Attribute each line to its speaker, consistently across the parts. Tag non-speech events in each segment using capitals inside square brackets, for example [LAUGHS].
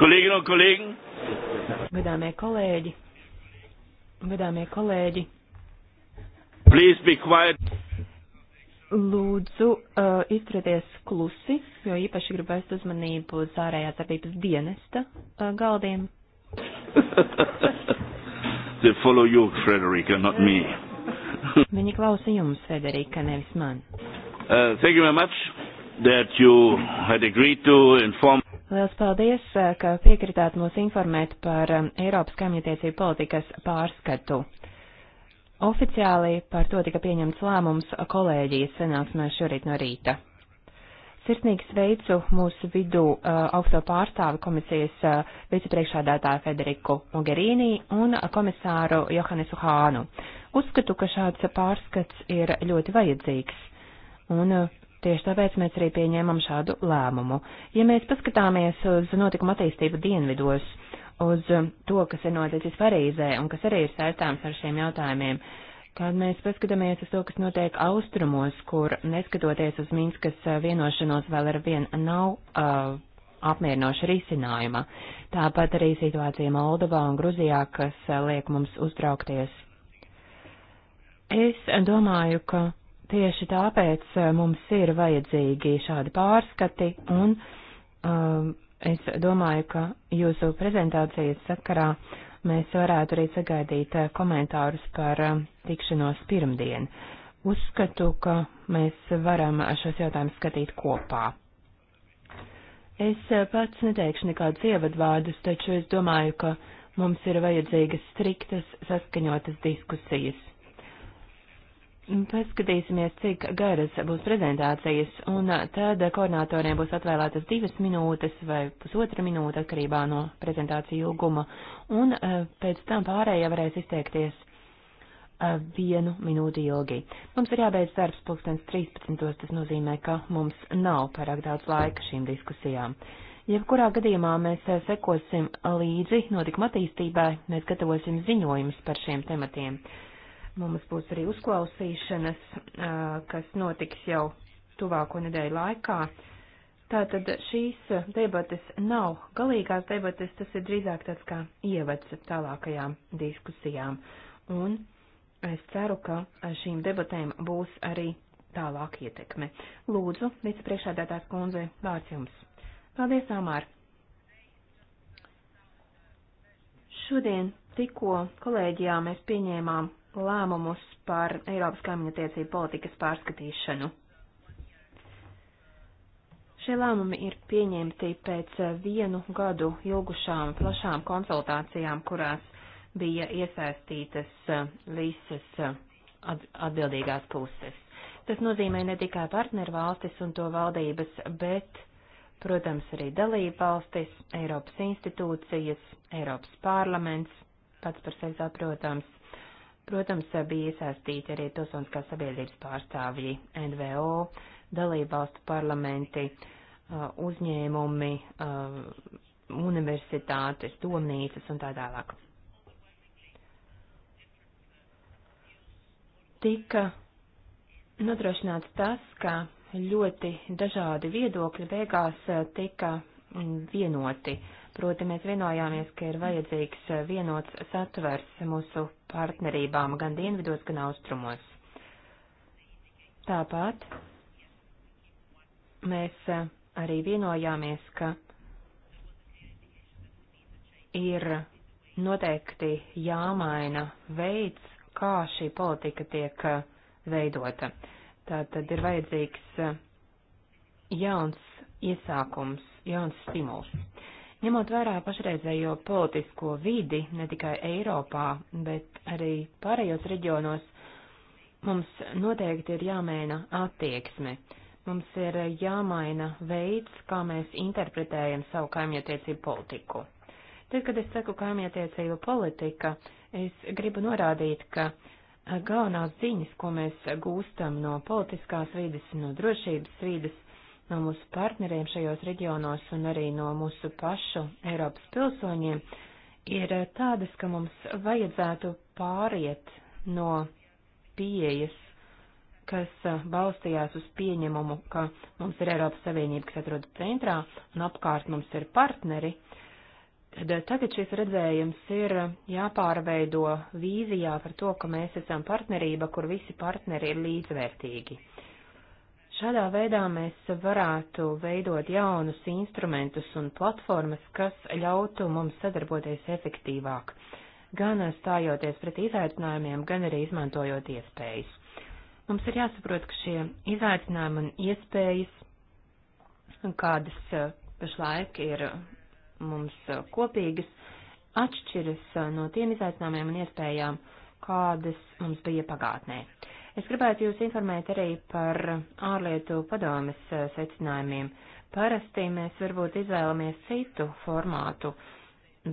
Speaker 1: Kolēģi un kolēģi. Gadāmie kolēģi. Gadāmie kolēģi.
Speaker 2: Please be quiet.
Speaker 1: Lūdzu, uh, izturieties klusi, jo īpaši gribu vērst uzmanību uz ārējās darbības dienesta uh, galdiem.
Speaker 2: [LAUGHS] They follow you, Frederica, not me. [LAUGHS]
Speaker 1: Viņi klausa jums, Frederica, nevis man.
Speaker 2: Uh, thank you very much that you had agreed to inform.
Speaker 1: Liels paldies, eh, ka piekritāt mūs informēt par eh, Eiropas kaimietiecību politikas pārskatu. Oficiāli par to tika pieņemts lēmums kolēģijas sanāksmē šorīt no rīta. Sirsnīgi sveicu mūsu vidū uh, augsto pārstāvi komisijas uh, vicepriekšādātāju Federiku Mogherīnī un komisāru Johannesu Hānu. Uzskatu, ka šāds pārskats ir ļoti vajadzīgs. Un uh, Tieši tāpēc mēs arī pieņēmām šādu lēmumu. Ja mēs paskatāmies uz notikuma attīstību dienvidos, uz to, kas ir noticis Parīzē un kas arī ir saistāms ar šiem jautājumiem, kad mēs paskatāmies uz to, kas notiek austrumos, kur neskatoties uz Minskas vienošanos vēl ar vien nav uh, apmierinoša risinājuma. Tāpat arī situācija Moldovā un Gruzijā, kas uh, liek mums uztraukties. Es domāju, ka Tieši tāpēc eh, mums ir vajadzīgi šādi pārskati, un um, es domāju, ka jūsu prezentācijas sakarā mēs varētu arī sagaidīt eh, komentārus par tikšanos pirmdien. Uzskatu, ka mēs varam šos jautājumus skatīt kopā. Es pats neteikšu nekādus ievadvārdus, taču es domāju, ka mums ir vajadzīgas striktas, saskaņotas diskusijas. Paskatīsimies, cik garas būs prezentācijas, un uh, tad koordinatoriem būs atvēlētas divas minūtes vai pusotra minūte atkarībā no prezentāciju ilguma, un uh, pēc tam pārējie varēs izteikties uh, vienu minūti ilgi. Mums ir jābeidz darbs pulkstens 13. Tas nozīmē, ka mums nav pārāk daudz laika šīm diskusijām. Jebkurā gadījumā mēs sekosim līdzi notikuma attīstībai, mēs gatavosim ziņojumus par šiem tematiem. Mums būs arī uzklausīšanas, kas notiks jau tuvāko nedēļu laikā. Tātad šīs debates nav galīgās debates, tas ir drīzāk tāds kā ievads tālākajām diskusijām. Un es ceru, ka šīm debatēm būs arī tālāk ietekme. Lūdzu, vicepriekšādātās kundze, vārds jums. Paldies, Amār! Šodien tikko kolēģijā mēs pieņēmām lēmumus par Eiropas kaimiņa tiecību politikas pārskatīšanu. Šie lēmumi ir pieņemti pēc vienu gadu ilgušām plašām konsultācijām, kurās bija iesaistītas visas atbildīgās puses. Tas nozīmē ne tikai partneru valstis un to valdības, bet, protams, arī dalību valstis, Eiropas institūcijas, Eiropas parlaments, pats par sevi saprotams, Protams, bija iesaistīti arī pilsoniskās sabiedrības pārstāvji, NVO, dalībvalstu parlamenti, uh, uzņēmumi, uh, universitātes, domnīcas un tā tālāk. Tika nodrošināts tas, ka ļoti dažādi viedokļi beigās uh, tika mm, vienoti. Uh, Proti mēs vienojāmies, ka ir vajadzīgs eh, vienots satvers mūsu partnerībām gan dienvidos, gan austrumos. Tāpat mēs eh, arī vienojāmies, ka ir noteikti jāmaina veids, kā šī politika tiek eh, veidota. Tātad ir vajadzīgs jauns iesākums, jauns stimuls. Ņemot vērā pašreizējo politisko vidi, ne tikai Eiropā, bet arī pārējos reģionos, mums noteikti ir jāmēna attieksme. Mums ir jāmaina veids, kā mēs interpretējam savu kaimietiecību politiku. Tad, kad es saku kaimietiecību politika, es gribu norādīt, ka galvenās ziņas, ko mēs gūstam no politiskās vides, no drošības vides, no mūsu partneriem šajos reģionos un arī no mūsu pašu Eiropas pilsoņiem ir tādas, ka mums vajadzētu pāriet no pieejas, kas uh, balstījās uz pieņemumu, ka mums ir Eiropas Savienība, kas atrodas centrā un apkārt mums ir partneri, tad uh, tagad šis redzējums ir uh, jāpārveido vīzijā par to, ka mēs esam partnerība, kur visi partneri ir līdzvērtīgi. Šādā veidā mēs varētu veidot jaunus instrumentus un platformas, kas ļautu mums sadarboties efektīvāk, gan stājoties pret izaicinājumiem, gan arī izmantojot iespējas. Mums ir jāsaprot, ka šie izaicinājumi un iespējas, kādas eh, pašlaik ir eh, mums eh, kopīgas, atšķiras no tiem izaicinājumiem un iespējām, kādas mums bija pagātnē. Uh, Es gribētu jūs informēt arī par ārlietu padomes eh, secinājumiem. Parasti mēs varbūt izvēlamies citu formātu,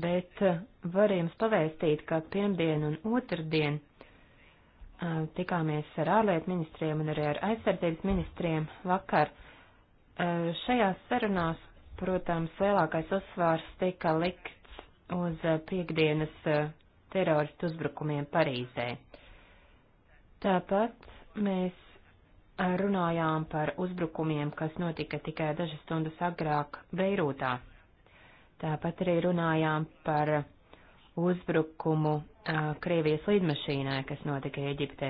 Speaker 1: bet eh, var jums pavēstīt, ka pirmdien un otrdien eh, tikāmies ar ārlietu ministriem un arī ar aizsardzības ministriem vakar. Šajās sarunās, protams, lielākais uzsvārs tika likts uz piekdienas teroristu uzbrukumiem Parīzē. Tāpat mēs runājām par uzbrukumiem, kas notika tikai dažas stundas agrāk Beirūtā. Tāpat arī runājām par uzbrukumu uh, Krievijas lidmašīnai, kas notika Eģiptē.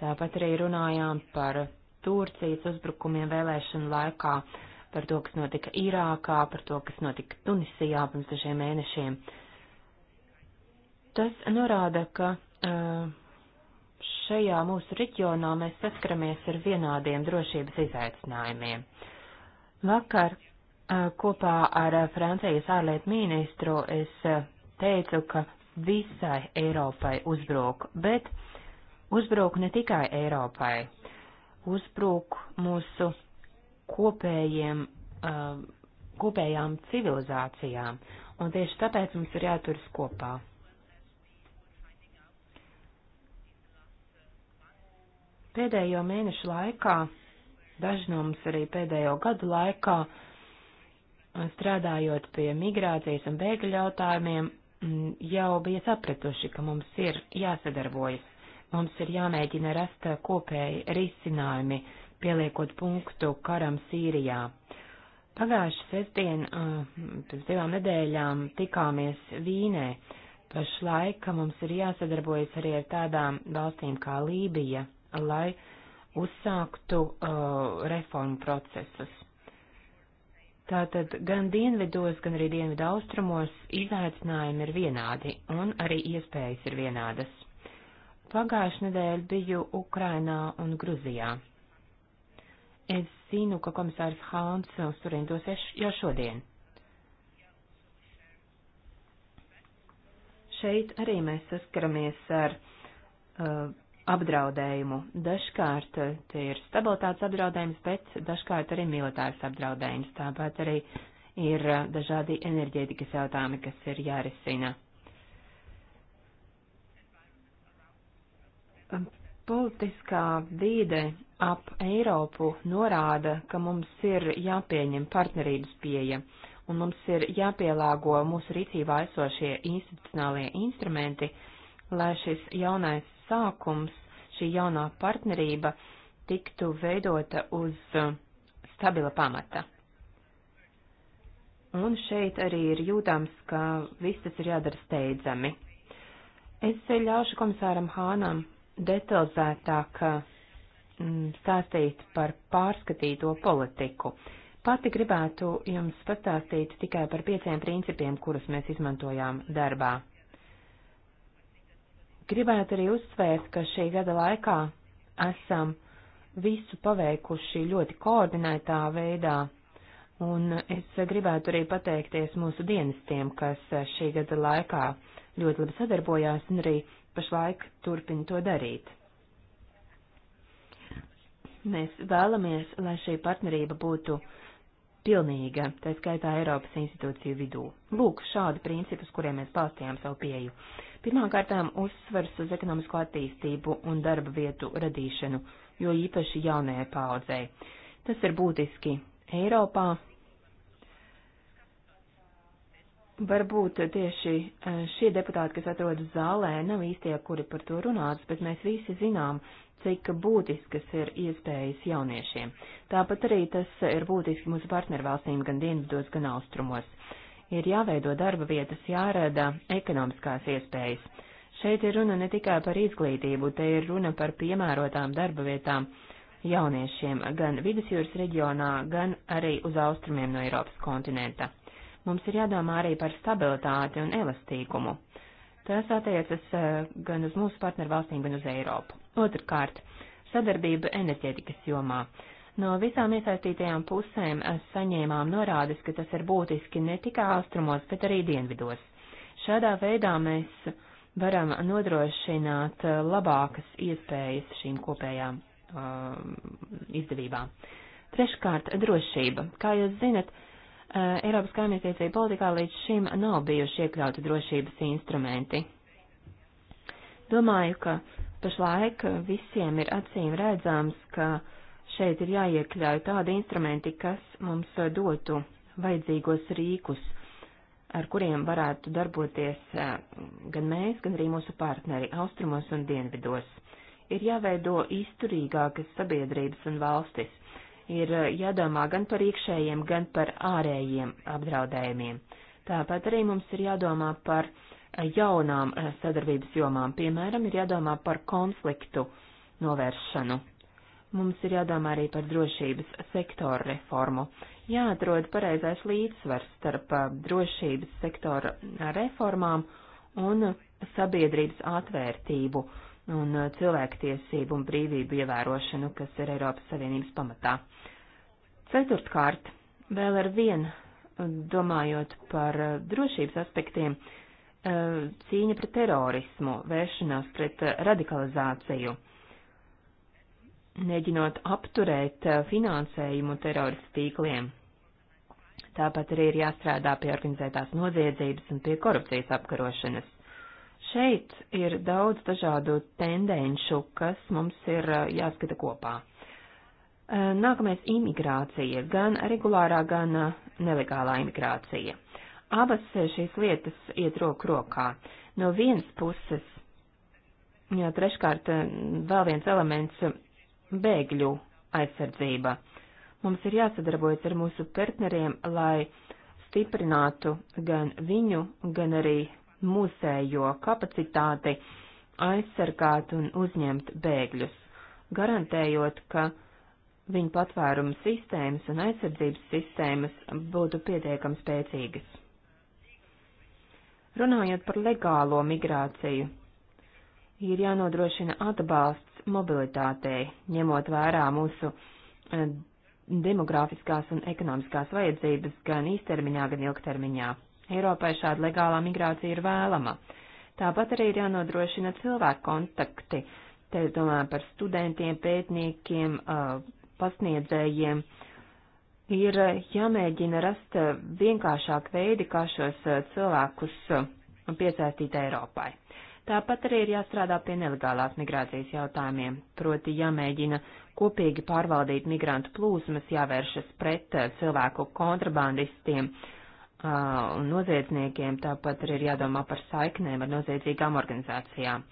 Speaker 1: Tāpat arī runājām par Turcijas uzbrukumiem vēlēšanu laikā, par to, kas notika Irākā, par to, kas notika Tunisijā pirms dažiem mēnešiem. Tas norāda, ka uh, šajā mūsu reģionā mēs saskaramies ar vienādiem drošības izaicinājumiem. Vakar kopā ar Francijas ārlietu ministru es teicu, ka visai Eiropai uzbruk, bet uzbruk ne tikai Eiropai, uzbruk mūsu kopējiem, kopējām civilizācijām, un tieši tāpēc mums ir jāturas kopā. Pēdējo mēnešu laikā, daži no mums arī pēdējo gadu laikā, strādājot pie migrācijas un bēgļu jautājumiem, mm, jau bija sapratuši, ka mums ir jāsadarbojas, mums ir jāmēģina rast kopēji risinājumi, pieliekot punktu karam Sīrijā. Pagājuši sestdien, pirms divām nedēļām, tikāmies Vīnē. Pašlaik mums ir jāsadarbojas arī ar tādām valstīm kā Lībija lai uzsāktu uh, reformu procesus. Tātad gan dienvidos, gan arī dienvidu austrumos izaicinājumi ir vienādi, un arī iespējas ir vienādas. Pagājušajā nedēļā biju Ukrainā un Gruzijā. Es zinu, ka komisārs Hāns uz turien dosies jau šodien. Šeit arī mēs saskaramies ar uh, apdraudējumu. Dažkārt eh, tie ir stabilitātes apdraudējums, bet dažkārt arī militārs apdraudējums. Tāpat arī ir eh, dažādi enerģētikas jautājumi, kas ir jārisina. Politiskā vīde ap Eiropu norāda, ka mums ir jāpieņem partnerības pieeja un mums ir jāpielāgo mūsu rīcībā esošie institucionālie instrumenti, lai šis jaunais sākums, šī jaunā partnerība tiktu veidota uz uh, stabila pamata. Un šeit arī ir jūtams, ka viss tas ir jādara steidzami. Es ļaušu komisāram Hānam detalizētāk uh, stāstīt par pārskatīto politiku. Pati gribētu jums pastāstīt tikai par pieciem principiem, kurus mēs izmantojām darbā. Gribētu arī uzsvērt, ka šī gada laikā esam visu paveikuši ļoti koordinētā veidā, un es gribētu arī pateikties mūsu dienestiem, kas šī gada laikā ļoti labi sadarbojās un arī pašlaik turpina to darīt. Mēs vēlamies, lai šī partnerība būtu pilnīga, tā skaitā Eiropas institūciju vidū. Lūk, šādi principi, uz kuriem mēs balstījām savu pieju. Pirmkārtām uzsvars uz ekonomisko attīstību un darba vietu radīšanu, jo īpaši jaunajai paudzei. Tas ir būtiski Eiropā. Varbūt tieši e, šie deputāti, kas atrodas zālē, nav īstie, kuri par to runāts, bet mēs visi zinām, cik būtiskas ir iespējas jauniešiem. Tāpat arī tas ir būtiski mūsu partnervalstīm gan dienvidos, gan austrumos ir jāveido darba vietas, jārada ekonomiskās iespējas. Šeit ir runa ne tikai par izglītību, te ir runa par piemērotām darba vietām jauniešiem gan vidusjūras reģionā, gan arī uz austrumiem no Eiropas kontinenta. Mums ir jādomā arī par stabilitāti un elastīgumu. Tas attiecas eh, gan uz mūsu partneru valstīm, gan uz Eiropu. Otrkārt, sadarbība enerģētikas jomā. No visām iesaistītajām pusēm eh, saņēmām norādes, ka tas ir būtiski ne tikai austrumos, bet arī dienvidos. Šādā veidā mēs varam nodrošināt eh, labākas iespējas šīm kopējām uh, izdevībām. Treškārt, drošība. Kā jūs zinat, uh, Eiropas kaimietiecība politikā līdz šim nav bijuši iekļauti drošības instrumenti. Domāju, ka pašlaik visiem ir acīm redzams, ka uh, Šeit ir jāiekļauj tādi instrumenti, kas mums dotu vajadzīgos rīkus, ar kuriem varētu darboties e, gan mēs, gan arī mūsu partneri austrumos un dienvidos. Ir jāveido izturīgākas sabiedrības un valstis, ir e, jādomā gan par iekšējiem, gan par ārējiem apdraudējumiem. Tāpat arī mums ir jādomā par e, jaunām sadarbības jomām, piemēram, ir jādomā par konfliktu novēršanu Mums ir jādomā arī par drošības sektoru reformu. Jāatrod pareizais līdzsvars starp drošības sektora reformām un sabiedrības atvērtību un cilvēktiesību un brīvību ievērošanu, kas ir Eiropas Savienības pamatā. Ceturtkārt, vēl ar vienu domājot par drošības aspektiem, cīņa pret terorismu, vēršanās pret radikalizāciju mēģinot apturēt eh, finansējumu teroristu tīkliem. Tāpat arī ir jāstrādā pie organizētās noziedzības un pie korupcijas apkarošanas. Šeit ir daudz dažādu tendenšu, kas mums ir eh, jāskata kopā. Eh, nākamais - imigrācija, gan regulārā, gan nelegālā imigrācija. Abas šīs lietas iet roku rokā. No vienas puses, jā, treškārt, vēl viens elements bēgļu aizsardzība. Mums ir jāsadarbojas ar mūsu partneriem, lai stiprinātu gan viņu, gan arī mūsējo kapacitāti aizsargāt un uzņemt bēgļus, garantējot, ka viņu patvērumu sistēmas un aizsardzības sistēmas būtu pietiekami spēcīgas. Runājot par legālo migrāciju, ir jānodrošina atbalsts mobilitātei, ņemot vērā mūsu eh, demografiskās un ekonomiskās vajadzības gan īstermiņā, gan ilgtermiņā. Eiropai šāda legālā migrācija ir vēlama. Tāpat arī ir jānodrošina cilvēku kontakti. Te es domāju par studentiem, pētniekiem, eh, pasniedzējiem. Ir eh, jāmēģina rast vienkāršāk veidi, kā šos cilvēkus piesaistīt Eiropai. Tāpat arī ir jāstrādā pie nelegālās migrācijas jautājumiem, proti jāmēģina kopīgi pārvaldīt migrantu plūsmas, jāvēršas pret eh, cilvēku kontrabandistiem uh, un noziedzniekiem, tāpat arī ir jādomā par saiknēm ar noziedzīgām organizācijām.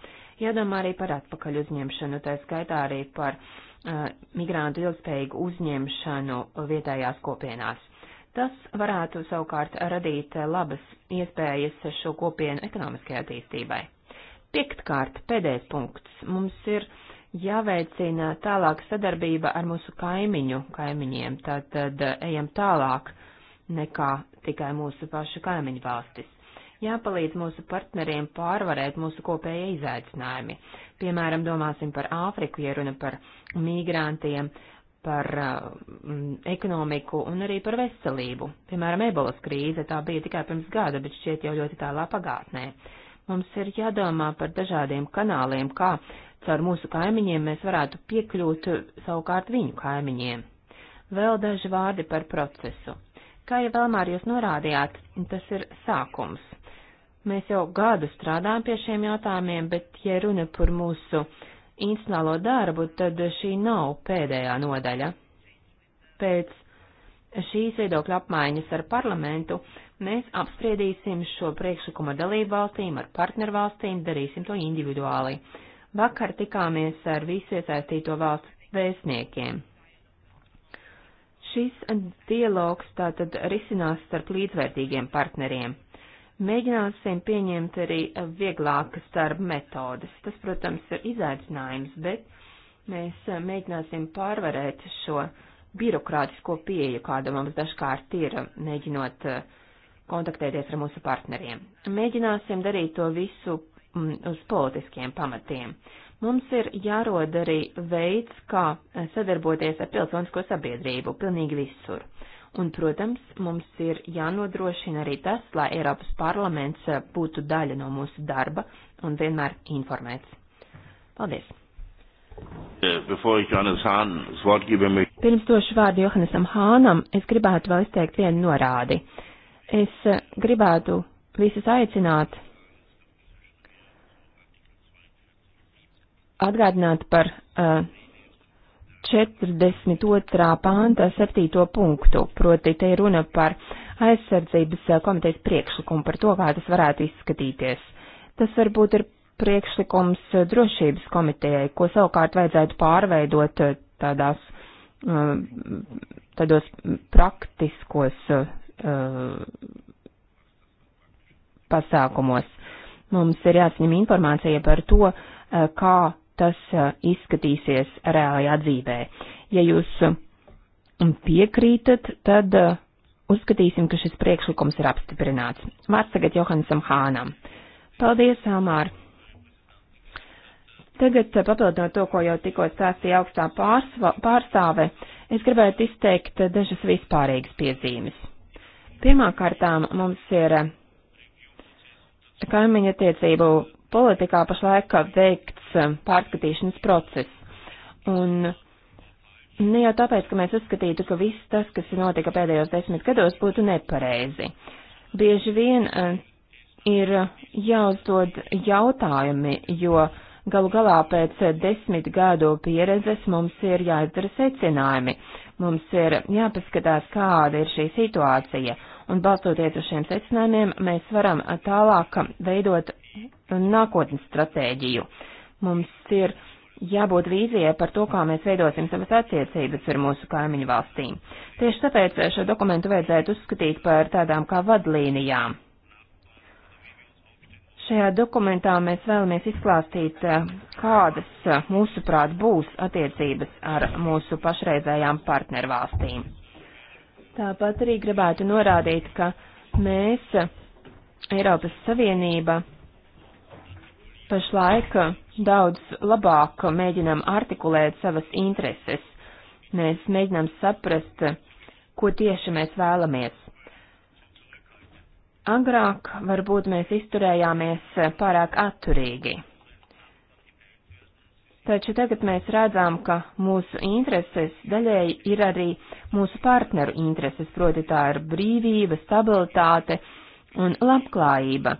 Speaker 1: Jādomā arī par atpakaļ uzņemšanu, tā skaitā arī par uh, migrantu ilgspējīgu uzņemšanu vietējās kopienās. Tas varētu savukārt radīt eh, labas iespējas šo kopienu ekonomiskajai attīstībai. Piektkārt, pēdējais punkts. Mums ir jāveicina tālāk sadarbība ar mūsu kaimiņu kaimiņiem, tātad eh, ejam tālāk nekā tikai mūsu pašu kaimiņu valstis. Jāpalīdz mūsu partneriem pārvarēt mūsu kopējie izaicinājumi. Piemēram, domāsim par Āfriku, ja runa par migrantiem, par mm, ekonomiku un arī par veselību. Piemēram, ebolas krīze tā bija tikai pirms gada, bet šķiet jau ļoti tālā pagātnē. Uh, Mums ir jādomā par dažādiem kanāliem, kā caur mūsu kaimiņiem mēs varētu piekļūt savukārt viņu kaimiņiem. Vēl daži vārdi par procesu. Kā jau vēlmēr jūs norādījāt, tas ir sākums. Mēs jau gadu strādājam pie šiem jautājumiem, bet, ja runa par mūsu institucionālo darbu, tad šī nav pēdējā nodaļa. Pēc šīs viedokļa apmaiņas ar parlamentu Mēs apspriedīsim šo priekšlikumu ar dalību valstīm, ar partnervalstīm, darīsim to individuāli. Vakar tikāmies ar visu iesaistīto valstu vēstniekiem. Šis dialogs tātad risinās starp līdzvērtīgiem partneriem. Mēģināsim pieņemt arī vieglākas darba metodas. Tas, protams, ir izaicinājums, bet mēs mēģināsim pārvarēt šo birokrātisko pieeju, kāda mums dažkārt ir, mēģinot uh, kontaktēties ar mūsu partneriem. Mēģināsim darīt to visu mm, uz politiskiem pamatiem. Mums ir jārod arī veids, kā sadarboties ar pilsonisko sabiedrību pilnīgi visur. Un, protams, mums ir jānodrošina arī tas, lai Eiropas parlaments eh, būtu daļa no mūsu darba un vienmēr informēts. Paldies! Eh, Pirms došu vārdu Johannesam Hānam, es gribētu vēl izteikt vienu norādi. Uh, Es gribētu visus aicināt atgādināt par uh, 42. pānta 7. punktu, proti te ir runa par aizsardzības komitejas priekšlikumu par to, kā tas varētu izskatīties. Tas varbūt ir priekšlikums drošības komitejai, ko savukārt vajadzētu pārveidot tādās, tādos praktiskos Uh, pasākumos. Mums ir jāsaņem informācija par to, uh, kā tas uh, izskatīsies reālajā dzīvē. Ja jūs piekrītat, tad uzskatīsim, ka šis priekšlikums ir apstiprināts. Vārds tagad Johansam Hānam. Paldies, Amār! Tagad, papildinot to, ko jau tikko stāstīja augstā pārstāve, es gribētu izteikt dažas vispārīgas piezīmes. Pirmkārtām mums ir eh, kaimiņa attiecību politikā pašlaik veikts eh, pārskatīšanas process. Un ne jau tāpēc, ka mēs uzskatītu, ka viss tas, kas notika pēdējos desmit gados, būtu nepareizi. Bieži vien eh, ir jāuzdod jautājumi, jo galu galā pēc desmit gadu pieredzes mums ir jāizdara secinājumi. Mums ir jāpaskatās, kāda ir šī situācija, un balstoties uz šiem secinājumiem, mēs varam tālāk veidot nākotnes stratēģiju. Mums ir jābūt vīzijai par to, kā mēs veidosim savas attiecības ar mūsu kaimiņu valstīm. Tieši tāpēc šo dokumentu vajadzētu uzskatīt par tādām kā vadlīnijām. Šajā dokumentā mēs vēlamies izklāstīt, eh, kādas eh, mūsuprāt būs attiecības ar mūsu pašreizējām partnervalstīm. Tāpat arī gribētu norādīt, ka mēs, eh, Eiropas Savienība, pašlaik daudz labāk mēģinam artikulēt savas intereses. Mēs mēģinam saprast, ko tieši mēs vēlamies Agrāk varbūt mēs izturējāmies pārāk atturīgi. Taču tagad mēs redzam, ka mūsu intereses daļēji ir arī mūsu partneru intereses, proti tā ir brīvība, stabilitāte un labklājība.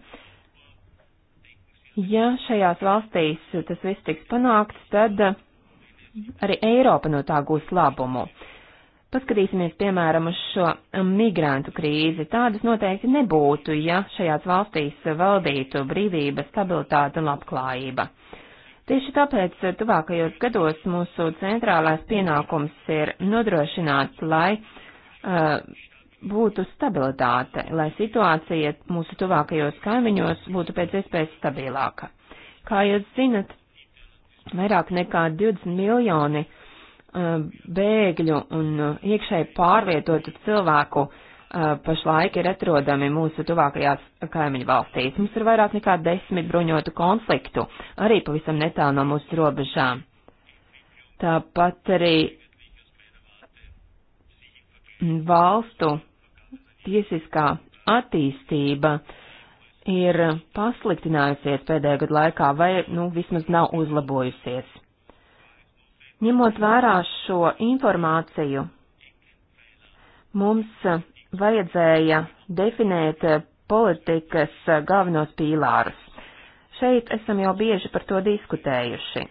Speaker 1: Ja šajās valstīs tas viss tiks panākts, tad arī Eiropa no tā gūs labumu. Paskatīsimies, piemēram, uz šo migrantu krīzi. Tādas noteikti nebūtu, ja šajās valstīs valdītu brīvība, stabilitāte un labklājība. Tieši tāpēc tuvākajos gados mūsu centrālais pienākums ir nodrošināt, lai uh, būtu stabilitāte, lai situācija mūsu tuvākajos kaimiņos būtu pēc iespējas stabilāka. Kā jūs zinat, vairāk nekā 20 miljoni uh, Uh, bēgļu un uh, iekšēji pārvietotu cilvēku uh, pašlaik ir atrodami mūsu tuvākajās kaimiņu valstīs. Mums ir vairāk nekā desmit bruņotu konfliktu, arī pavisam netālu no mūsu robežām. Tāpat arī valstu tiesiskā attīstība ir pasliktinājusies pēdējo gadu laikā vai, nu, vismaz nav uzlabojusies. Ņemot vērā šo informāciju, mums vajadzēja definēt politikas galvenos pīlārus. Šeit esam jau bieži par to diskutējuši.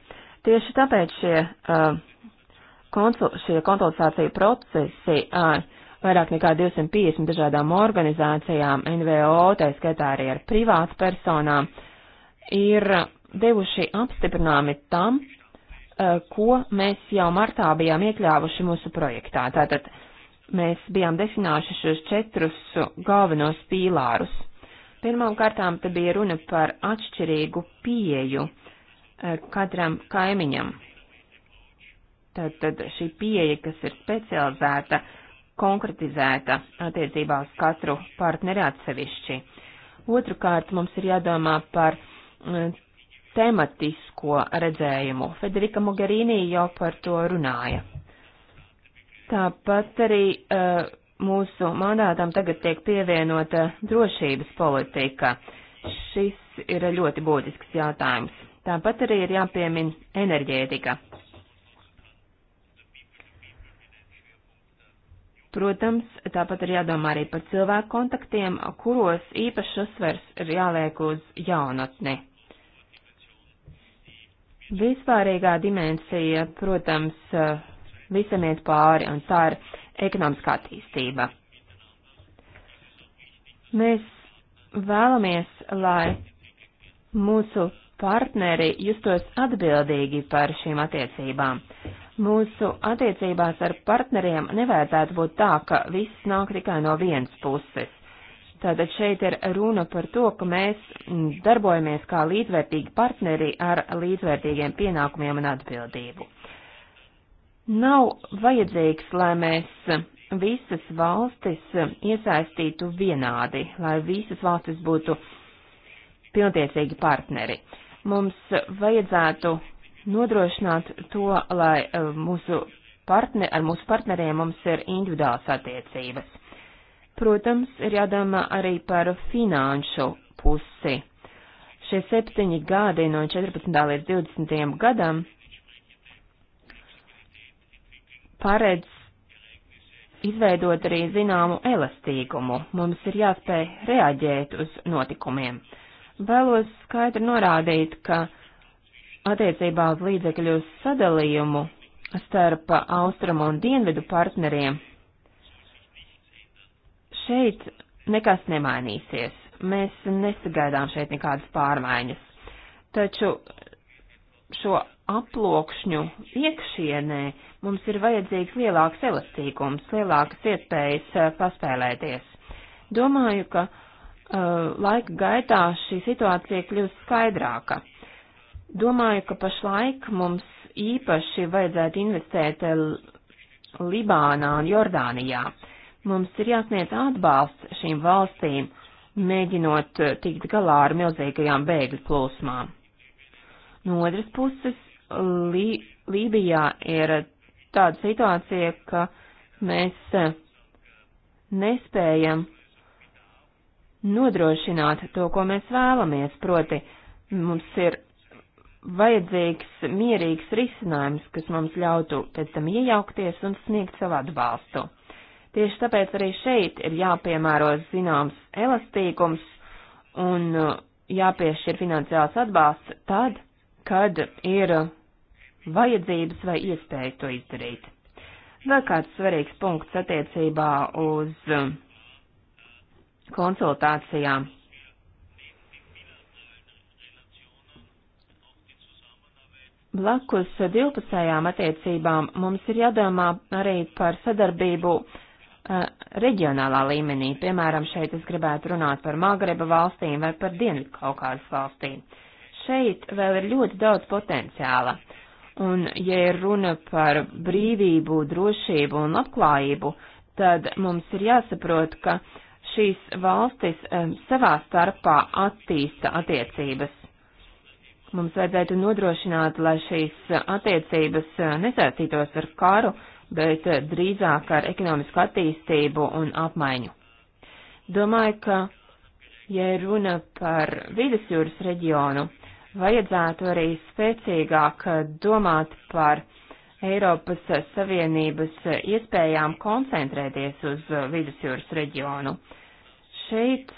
Speaker 1: Tieši tāpēc šie, uh, konsul, šie konsultāciju procesi uh, vairāk nekā 250 dažādām organizācijām, NVO, tā skaitā arī ar privātpersonām, ir devuši apstiprinājumi tam, Eh, ko mēs jau martā bijām iekļāvuši mūsu projektā. Tātad mēs bijām definējuši šos četrus galvenos pīlārus. Pirmām kārtām te bija runa par atšķirīgu pieju eh, katram kaimiņam. Tātad šī pieeja, kas ir specializēta, konkretizēta attiecībā uz katru partneri atsevišķi. Otrukārt, mums ir jādomā par eh, tematisku politisko redzējumu. Federika Mogherini jau par to runāja. Tāpat arī uh, mūsu mandātam tagad tiek pievienota drošības politika. Šis ir ļoti būtisks jautājums. Tāpat arī ir jāpiemin enerģētika. Protams, tāpat ir jādomā arī par cilvēku kontaktiem, kuros īpašs uzsvers ir jāliek uz jaunatni. Vispārīgā dimensija, protams, visam iet pāri, un tā ir ekonomiskā attīstība. Mēs vēlamies, lai mūsu partneri justos atbildīgi par šīm attiecībām. Mūsu attiecībās ar partneriem nevajadzētu būt tā, ka viss nāk tikai no vienas puses. Tātad šeit ir runa par to, ka mēs darbojamies kā līdzvērtīgi partneri ar līdzvērtīgiem pienākumiem un atbildību. Nav vajadzīgs, lai mēs visas valstis iesaistītu vienādi, lai visas valstis būtu pilntiesīgi partneri. Mums vajadzētu nodrošināt to, lai eh, mūsu partne, ar mūsu partneriem mums ir individuāls attiecības Protams, ir jādomā arī par finanšu pusi. Šie septiņi gadi no 14. līdz 20. gadam paredz izveidot arī zināmu elastīgumu. Mums ir jāspēj reaģēt uz notikumiem. Vēlos skaidri norādīt, ka attiecībā uz līdzekļu sadalījumu starp austrumu un dienvidu partneriem Šeit nekas nemainīsies. Mēs nesagaidām šeit nekādas pārmaiņas. Taču šo aploksņu iekšienē mums ir vajadzīgs lielāks elastīgums, lielākas iespējas eh, paspēlēties. Domāju, ka uh, laika gaitā šī situācija kļūst skaidrāka. Domāju, ka pašlaik mums īpaši vajadzētu investēt eh, Libānā un Jordānijā. Mums ir jāsniedz atbalsts šīm valstīm, mēģinot eh, tikt galā ar milzīgajām bēgļu plūsmām. No otras puses, Lī Lībijā ir tāda situācija, ka mēs eh, nespējam nodrošināt to, ko mēs vēlamies, proti mums ir vajadzīgs mierīgs risinājums, kas mums ļautu pēc tam iejaukties un sniegt savu atbalstu. Tieši tāpēc arī šeit ir jāpiemēro zināms elastīgums un uh, jāpiešķir finansiāls atbalsts tad, kad ir vajadzības vai iespējas to izdarīt. Vēl kāds svarīgs punkts attiecībā uz um, konsultācijām. Blakus divpusējām attiecībām mums ir jādomā arī par sadarbību uh, reģionālā līmenī. Piemēram, šeit es gribētu runāt par Magreba valstīm vai par Dienvidkaukāzes valstīm. Šeit vēl ir ļoti daudz potenciāla. Un, ja ir runa par brīvību, drošību un labklājību, tad mums ir jāsaprot, ka šīs valstis um, savā starpā attīsta attiecības. Mums vajadzētu nodrošināt, lai šīs attiecības nesaistītos ar karu, uh, bet eh, drīzāk ar ekonomisku attīstību un apmaiņu. Domāju, ka, ja runa par vidas jūras reģionu, vajadzētu arī spēcīgāk eh, domāt par Eiropas Savienības iespējām koncentrēties uz eh, vidus jūras reģionu. Šeit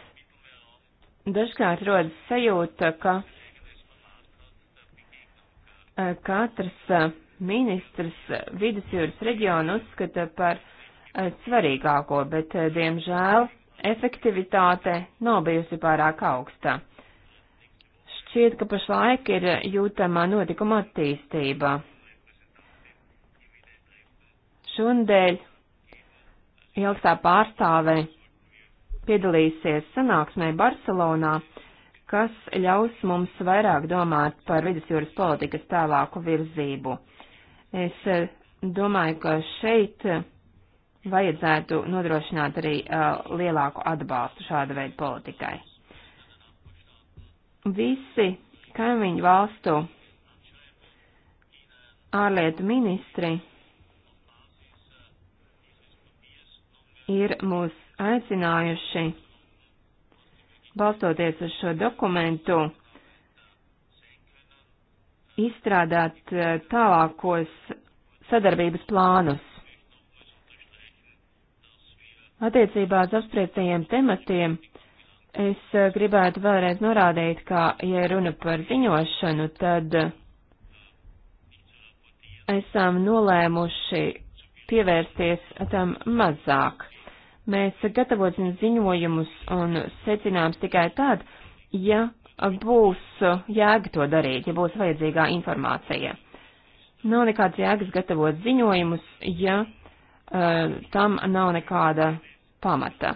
Speaker 1: dažkārt rodas sajūta, ka katrs ministrs vidusjūras reģionu uzskata par eh, svarīgāko, bet, eh, diemžēl, efektivitāte nav bijusi pārāk augsta. Šķiet, ka pašlaik ir jūtama notikuma attīstība. Šundēļ ilgstā pārstāve piedalīsies sanāksmē Barcelonā, kas ļaus mums vairāk domāt par vidusjūras politikas tālāku virzību. Es eh, domāju, ka šeit eh, vajadzētu nodrošināt arī uh, lielāku atbalstu šāda veida politikai. Visi kaimiņu valstu ārlietu ministri ir mūs aicinājuši, balstoties uz šo dokumentu, izstrādāt eh, tālākos sadarbības plānus. Attiecībā uz apspriestajiem tematiem es eh, gribētu vēlreiz norādīt, ka, ja runa par ziņošanu, tad esam nolēmuši pievērsties tam mazāk. Mēs gatavosim ziņojumus un secinājums tikai tad, ja būs uh, jēga to darīt, ja būs vajadzīgā informācija. Nav nekāds jēgas gatavot ziņojumus, ja uh, tam nav nekāda pamata.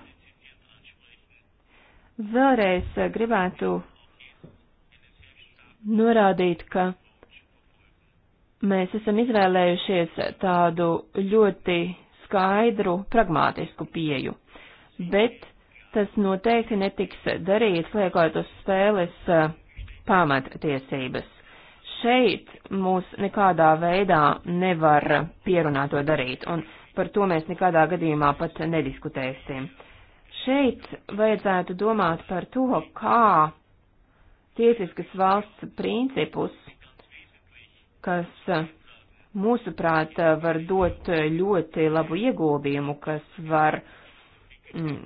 Speaker 1: Vēlreiz uh, gribētu norādīt, ka mēs esam izvēlējušies tādu ļoti skaidru, pragmātisku pieju, bet Tas noteikti netiks darīts, liekot uz spēles pamattiesības. Šeit mūs nekādā veidā nevar pierunāt to darīt, un par to mēs nekādā gadījumā pat nediskutēsim. Šeit vajadzētu domāt par to, kā tiesiskas valsts principus, kas mūsuprāt var dot ļoti labu ieguldījumu, kas var mm,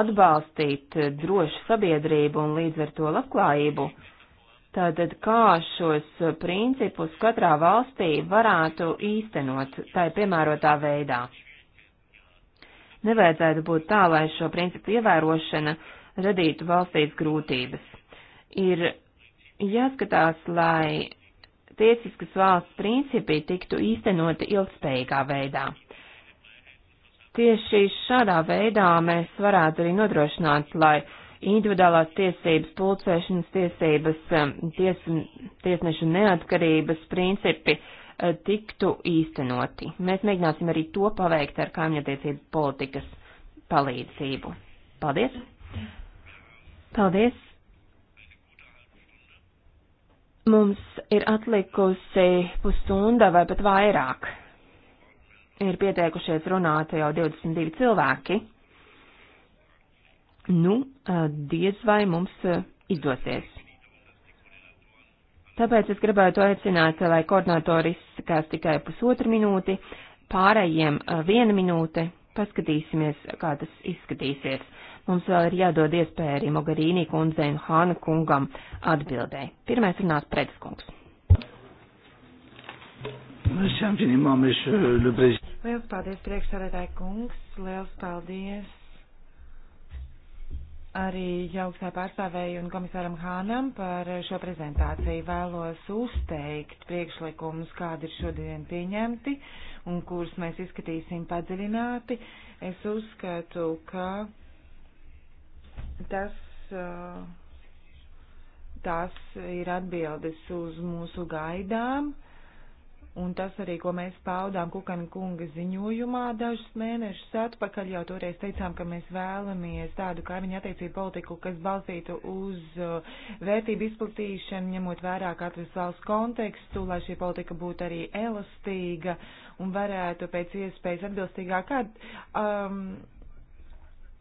Speaker 1: atbalstīt eh, drošu sabiedrību un līdz ar to labklājību, Tātad, kā šos eh, principus katrā valstī varētu īstenot tai piemērotā veidā? Nevajadzētu būt tā, lai šo principu ievērošana radītu valstīs grūtības. Ir jāskatās, lai tiesiskas valsts principi tiktu īstenoti ilgspējīgā veidā. Tieši šādā veidā mēs varētu arī nodrošināt, lai individuālās tiesības, pulcēšanas tiesības, um, ties, tiesnešu neatkarības principi uh, tiktu īstenoti. Mēs mēģināsim arī to paveikt ar kaimiņattiecību politikas palīdzību. Paldies! Paldies! Mums ir atlikusi pusstunda vai pat vairāk ir pieteikušies runāt jau 22 cilvēki. Nu, eh, diez vai mums eh, izdosies. Tāpēc es gribētu aicināt, eh, lai koordinātori izsakās tikai pusotru minūti, pārējiem viena minūte, paskatīsimies, kā tas izskatīsies. Mums vēl ir jādod iespēja arī Mogarīnī kundzei un Hāna kungam atbildēji. Pirmais runās Predeskungs.
Speaker 2: Monsieur le Président. Liels paldies, priekšsēdētāji kungs, liels paldies arī augstā pārstāvēju un komisāram Hānam par šo prezentāciju. Vēlos uzteikt priekšlikumus, kādi ir šodien pieņemti un kurus mēs izskatīsim padziļināti. Es uzskatu, ka tas. Uh, tās ir atbildes uz mūsu gaidām, Un tas arī, ko mēs paudām Kukana kunga ziņojumā dažus mēnešus atpakaļ, jau toreiz teicām, ka mēs vēlamies tādu kaimiņu attiecību politiku, kas balstītu uz uh, vērtību izplatīšanu, ņemot vērā katras valsts kontekstu, lai šī politika būtu arī elastīga un varētu pēc iespējas atbilstīgāk um,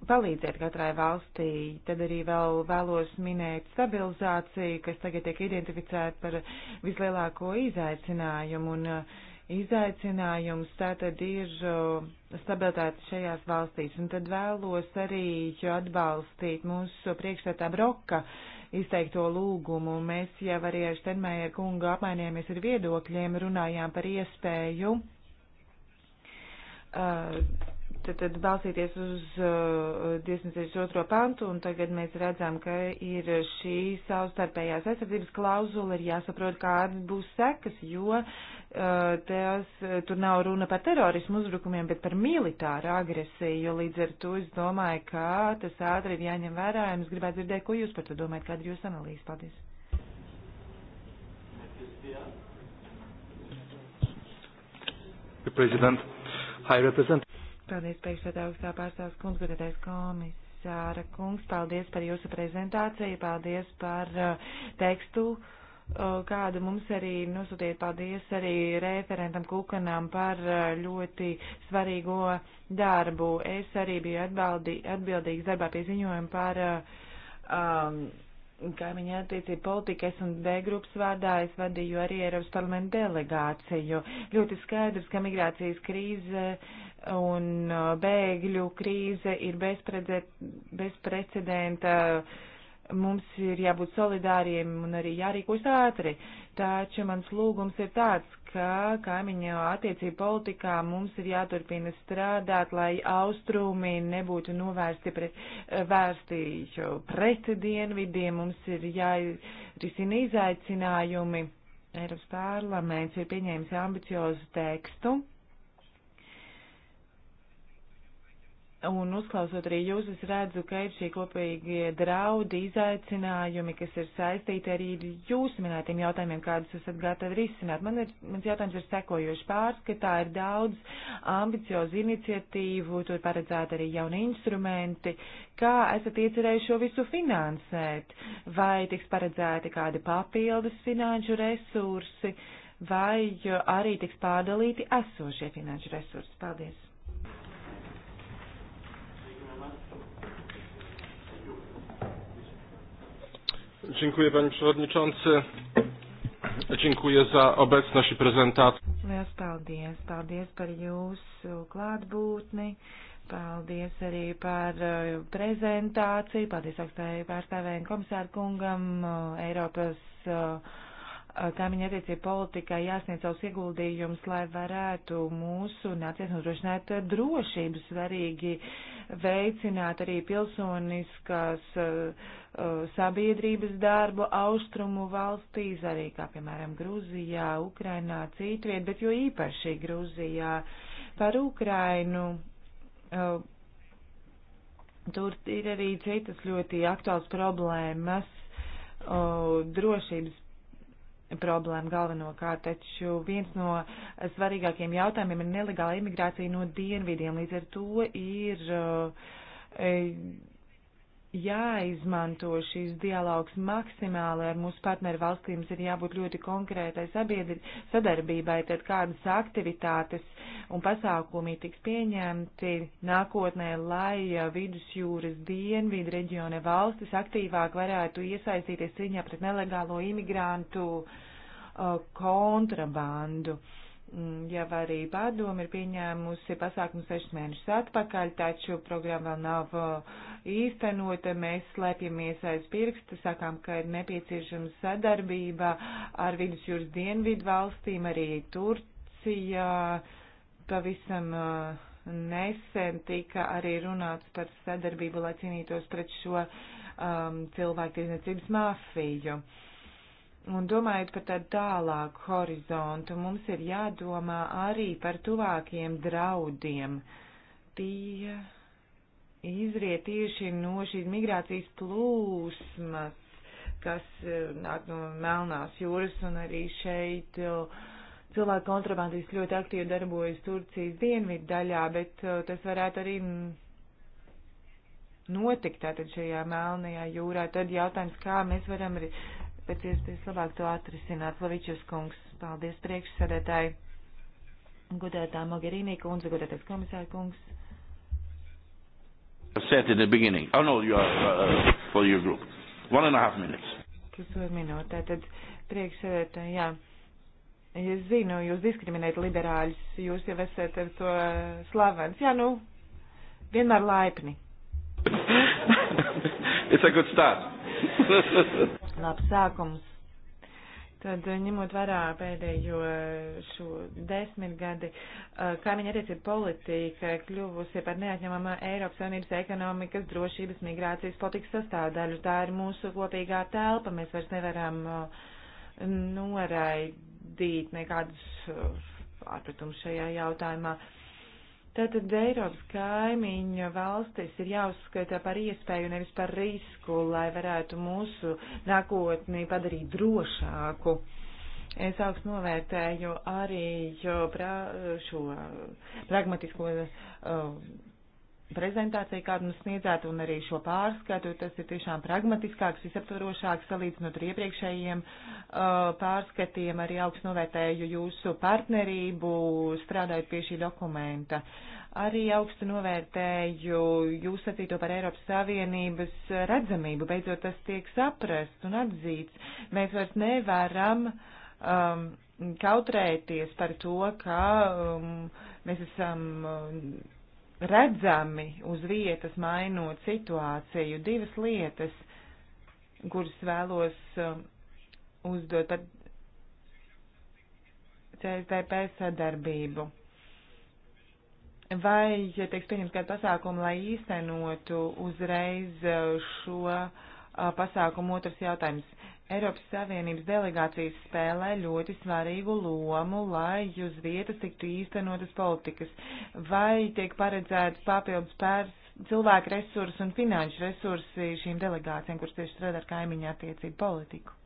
Speaker 2: palīdzēt katrai valstī. Tad arī vēl vēlos minēt stabilizāciju, kas tagad tiek identificēta par vislielāko izaicinājumu. Un uh, izaicinājums tātad ir uh, stabilitāte šajās valstīs. Un tad vēlos arī atbalstīt mūsu priekšstādā Broka izteikto lūgumu. Mēs jau arī ar Štenmēja kungu apmainījāmies ar viedokļiem, runājām par iespēju. Uh, tad, tad balsīties uz uh, 262. pantu, un tagad mēs redzam, ka ir šī savstarpējās aizsardzības klauzula, ir jāsaprot, kāda būs sekas, jo uh, tās, uh, tur nav runa par terorismu uzbrukumiem, bet par militāru agresiju, jo līdz ar to es domāju, ka tas ātri ir jāņem vērā, un es gribētu dzirdēt, ko jūs par to domājat, kāda ir jūsu analīze. Paldies! Mr. President, High Representative. Paldies, priekšsēdā augstā pārstāvs kungs, gadētais komisāra kungs. Paldies par jūsu prezentāciju, paldies par uh, tekstu, uh, kādu mums arī nosūtiet. Paldies arī referentam Kukanam par uh, ļoti svarīgo darbu. Es arī biju atbaldi, atbildīgs darbā pie ziņojuma par. Uh, um, kaimiņa attiecība politika S&D grupas vārdā es vadīju arī Eiropas parlamenta delegāciju. Ļoti skaidrs, ka migrācijas krīze un uh, bēgļu krīze ir bezprecedenta. Mums ir jābūt solidāriem un arī jārīkos ātri. Taču mans lūgums ir tāds, ka kaimiņu attiecību politikā mums ir jāturpina strādāt, lai austrumi nebūtu novērsti pret, vērsti pret dienvidiem. Mums ir jārisina izaicinājumi. Eiropas parlaments ir pieņēmis ambiciozu tekstu Un uzklausot arī jūs, es redzu, ka ir šie kopīgie draudi, izaicinājumi, kas ir saistīti arī jūsu minētiem jautājumiem, kādus esat gatavi risināt. Man ir, mans jautājums ir sekojoši pārskatā, ir daudz ambiciozu iniciatīvu, tur paredzēta arī jauni instrumenti. Kā esat iecerējuši šo visu finansēt? Vai tiks paredzēti kādi papildus finanšu resursi, vai arī tiks pārdalīti esošie finanšu resursi? Paldies!
Speaker 3: Dziękuję Panie Przewodniczący. Dziękuję za obecność i prezentację.
Speaker 2: Lielas paldies. Paldies par jūsu klātbūtni. Paldies arī par eh, prezentāciju. Paldies augstāju pārstāvēju komisāru kungam eh, Eiropas uh, kaimiņa attiecība politikai jāsniedz savus ieguldījumus, lai varētu mūsu nācijas nodrošināt drošību svarīgi veicināt arī pilsoniskās sabiedrības darbu austrumu valstīs, arī kā piemēram Grūzijā, Ukrainā, citviet, bet jo īpaši Grūzijā par Ukrainu. Tur ir arī citas ļoti aktuāls problēmas drošības problēma galvenokārt, taču viens no svarīgākiem jautājumiem ir nelegāla imigrācija no dienvidiem. Līdz ar to ir eh, jāizmanto šīs dialogs maksimāli ar mūsu partneru valstīm, ir jābūt ļoti konkrētai sabiedri, sadarbībai, tad kādas aktivitātes un pasākumi tiks pieņemti nākotnē, lai uh, vidusjūras dienvidu reģione valstis aktīvāk varētu iesaistīties cīņā pret nelegālo imigrantu uh, kontrabandu. Uh, Mm, jau arī pārdomu ir pieņēmusi pasākumu sešus mēnešus atpakaļ, taču programma vēl nav īstenota. Mēs slēpjamies aiz pirksta, sakām, ka ir nepieciešama sadarbība ar vidusjūras dienvidu valstīm, arī Turcijā. Pavisam nesen tika arī runāts par sadarbību, lai cīnītos pret šo um, cilvēku tiesniecības mafiju. Uh, Un domājot par tādu tālāku horizontu, mums ir jādomā arī par tuvākiem draudiem. Tie izriet tieši no šīs migrācijas plūsmas, kas eh, nāk no Melnās jūras un arī šeit eh, cilvēku kontrabandas ļoti aktīvi darbojas Turcijas dienvidu daļā, bet eh, tas varētu arī notikt tātad šajā Melnajā jūrā. Tad jautājums, kā mēs varam pēc iespējas labāk to atrisināt. Lavičus kungs, paldies priekšsēdētāji, gudētā Mogherīnī kundze, gudētais komisāra kungs. Said in the beginning. Oh no, you are uh, uh, for your group. One and a half minutes. Pusotru minūtē, tad priekšsēdētāji, jā. Es zinu, jūs diskriminējat liberāļus, jūs jau esat ar to slavens. Jā, nu, vienmēr laipni. [LAUGHS] It's a good start. [LAUGHS] labs sākums. Tad, eh, ņemot vērā pēdējo eh, šo desmitgadi, eh, kaimiņa attiecība politika kļuvusi par neatņemamu Eiropas Savienības ekonomikas, drošības, migrācijas politikas sastāvdaļu. Tā ir mūsu kopīgā telpa. Mēs vairs nevaram noraidīt nekādus pārpratumus šajā jautājumā. Uh, Tātad Eiropas kaimiņu valstis ir jāuzskata par iespēju, nevis par risku, lai varētu mūsu nākotni padarīt drošāku. Es augstu novērtēju arī pra, šo pragmatisko uh, prezentāciju, kādu mums sniedzētu, un arī šo pārskatu. Tas ir tiešām pragmatiskāks, visaptvarošāks salīdzinot ar iepriekšējiem uh, pārskatiem. Arī augstu novērtēju jūsu partnerību, strādājot pie šī dokumenta. Arī augstu novērtēju jūs sacīto par Eiropas Savienības redzamību. Beidzot, tas tiek saprast un atzīts. Mēs vairs nevaram. Um, kautrēties par to, ka um, mēs esam um, redzami uz vietas mainot situāciju. Divas lietas, kuras vēlos um, uzdot par CSTP sadarbību. Vai ja tiks pieņemts kādu pasākumu, lai īstenotu uzreiz uh, šo uh, pasākumu? Otrs jautājums Eiropas Savienības delegācijas spēlē ļoti svarīgu lomu, lai uz vietas tiktu īstenotas politikas, vai tiek paredzēts papildus pērs cilvēku resursi un finanšu resursi šīm delegācijām, kuras tieši strādā ar kaimiņu attiecību politiku.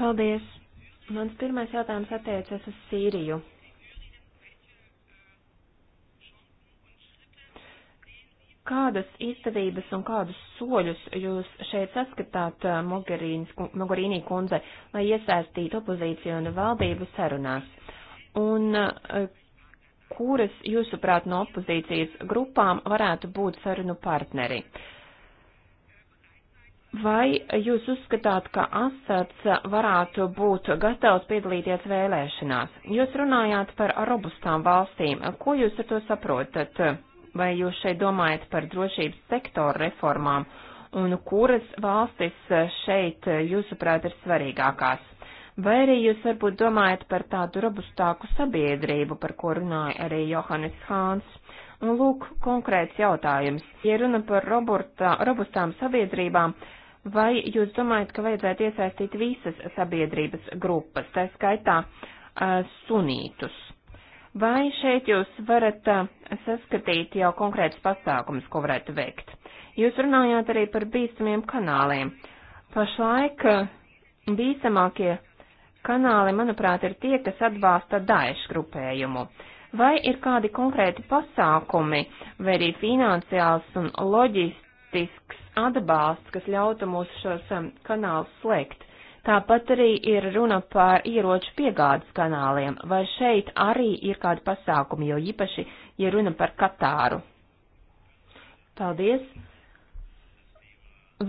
Speaker 1: Paldies! Mans pirmais jautājums attiecas uz Sīriju. Kādas izdevības un kādus soļus jūs šeit saskatāt, eh, Mogherīnī kundze, lai iesaistītu opozīciju un valdību sarunās? Un eh, kuras, jūsuprāt, no opozīcijas grupām varētu būt sarunu partneri? Vai jūs uzskatāt, ka Asats varētu būt gatavs piedalīties vēlēšanās? Jūs runājāt par robustām valstīm. Ko jūs ar to saprotat? vai jūs šeit domājat par drošības sektoru reformām un kuras valstis šeit, jūsuprāt, ir svarīgākās? Vai arī jūs varbūt domājat par tādu robustāku sabiedrību, par ko runāja arī Johannes Hāns? Un lūk, konkrēts jautājums. Ja runa par roburtā, robustām sabiedrībām, vai jūs domājat, ka vajadzētu iesaistīt visas sabiedrības grupas, tā skaitā uh, sunītus? Vai šeit jūs varat uh, saskatīt jau konkrētus pasākumus, ko varētu veikt? Jūs runājāt arī par bīstamiem kanāliem. Pašlaik uh, bīstamākie kanāli, manuprāt, ir tie, kas atbalsta Daesh grupējumu. Vai ir kādi konkrēti pasākumi, vai arī finansiāls un loģistisks atbalsts, kas ļautu mūs šos um, kanālus slēgt? Tāpat arī ir runa par ieroču piegādes kanāliem, vai šeit arī ir kādi pasākumi, jo īpaši, ja runa par Katāru. Paldies!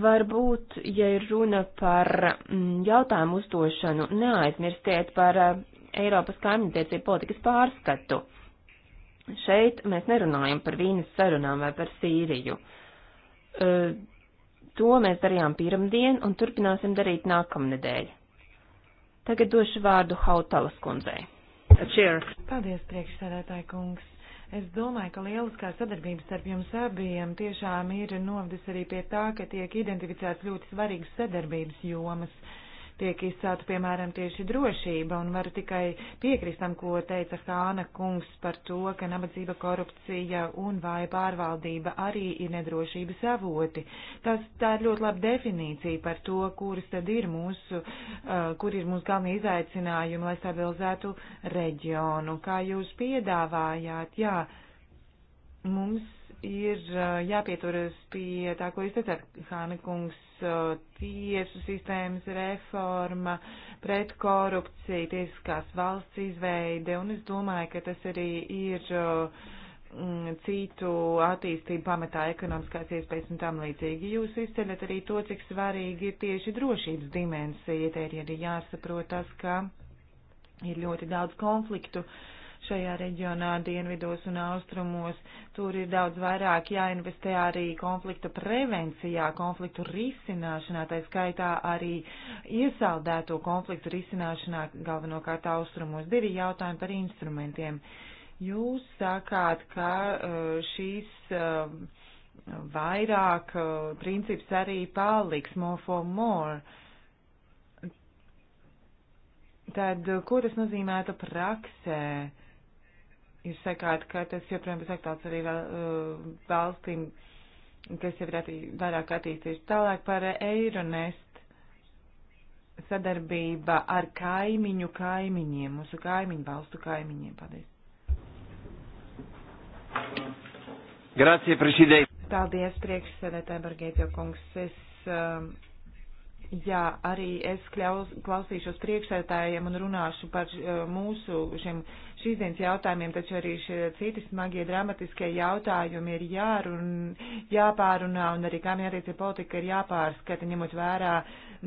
Speaker 1: Varbūt, ja ir runa par mm, jautājumu uzdošanu, neaizmirstiet par eh, Eiropas kaimiņtiecību politikas pārskatu. Šeit mēs nerunājam par vīnas sarunām vai par Sīriju. Eh, To mēs darījām pirmdien un turpināsim darīt nākamnedēļ. Tagad došu vārdu Hautalas kundzei. Cheers.
Speaker 2: Paldies, priekšsēdētāji kungs. Es domāju, ka lieliskā sadarbības starp jums abiem tiešām ir novedis arī pie tā, ka tiek identificēts ļoti svarīgas sadarbības jomas. Uh, tiek izcelta, piemēram, tieši drošība, un varu tikai piekrist tam, ko teica Hāna kungs par to, ka nabadzība, korupcija un vai pārvaldība arī ir nedrošības avoti. Tas, tā ir ļoti laba definīcija par to, kuras tad ir mūsu, kur ir mūsu galvenie izaicinājumi, lai stabilizētu reģionu. Kā jūs piedāvājāt, jā, mums ir eh, jāpieturas pie tā, ko jūs teicāt, Hānekungs, eh, tiesu sistēmas reforma, pret korupciju, tiesiskās valsts izveide, un es domāju, ka tas arī ir eh, mm, citu attīstību pamatā ekonomiskās iespējas un tam līdzīgi. Jūs izceļat arī to, cik svarīgi ir tieši drošības dimensija. Te ir arī jāsaprot tas, ka ir ļoti daudz konfliktu. Uh, šajā reģionā, dienvidos un austrumos. Tur ir daudz vairāk jāinvestē arī konfliktu prevencijā, konfliktu risināšanā, tā skaitā arī iesaldēto konfliktu risināšanā, galvenokārt austrumos. Divi jautājumi par instrumentiem. Jūs sakāt, ka uh, šīs uh, vairāk uh, princips arī paliks more for more. Tad, ko tas nozīmētu praksē? Jūs sakāt, ka tas joprojām būs aktuāls arī vēl, uh, valstīm, kas jau ir attī, vairāk attīstījušas. Tālāk par Eironest sadarbība ar kaimiņu kaimiņiem, mūsu kaimiņu valstu kaimiņiem. Paldies. Grazie, prezident. Paldies, priekšsēdētāji Bargētjo kungs. Es, um, jā, arī es klaus, klausīšos priekšsēdētājiem un runāšu par uh, mūsu šiem. Uh, šīs dienas jautājumiem, taču arī šie citi smagie dramatiskie jautājumi ir jārun, jāpārunā un arī kaimiņattiecība politika ir jāpārskata, ņemot vērā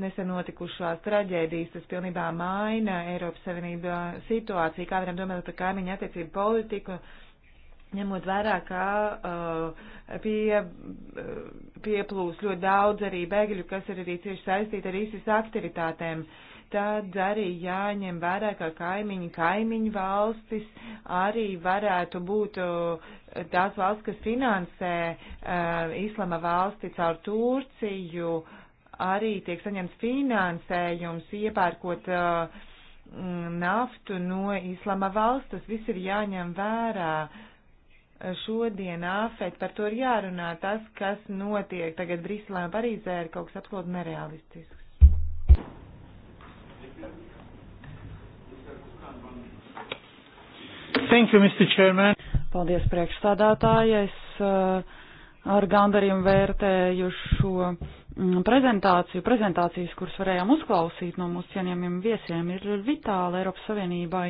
Speaker 2: nesen notikušās traģēdijas. Tas pilnībā maina Eiropas Savienība situāciju, kā varam domāt par kaimiņattiecību politiku ņemot vērā, ka uh, pie, uh, pieplūs ļoti daudz arī bēgļu, kas ir arī cieši saistīti ar īsis aktivitātēm. Uh, tad arī jāņem vērā, ka kaimiņi, kaimiņu valstis arī varētu būt uh, tās valsts, kas finansē uh, Islama valsti caur Turciju, arī tiek saņemts finansējums iepērkot uh, mm, naftu no Islama valsts. Tas viss ir jāņem vērā. Šodien āfēt par to ir jārunā. Tas, kas notiek tagad Briselē un Parīzē, ir kaut kas absolūti nerealistisks.
Speaker 3: Thank you, Mr. Chairman. Paldies priekšstādātāji. Es eh, ar gandarījumu vērtēju šo mm, prezentāciju, prezentācijas, kuras varējām uzklausīt no mūsu cienījumiem viesiem, ir vitāli Eiropas Savienībai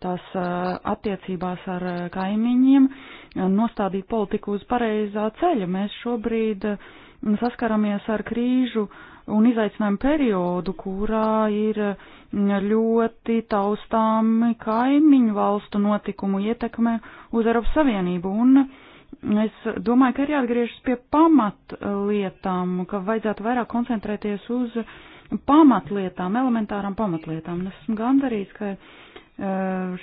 Speaker 3: tās eh, attiecībās ar eh, kaimiņiem nostādīt politiku uz pareizā ceļa. Mēs šobrīd mm, saskaramies ar krīžu un izaicinājumu periodu, kurā ir ļoti taustāmi kaimiņu valstu notikumu ietekme uz Eiropas Savienību. Un es domāju, ka ir jāatgriežas pie pamatlietām, ka vajadzētu vairāk koncentrēties uz pamatlietām, elementāram pamatlietām. Un esmu gandarīts, ka eh,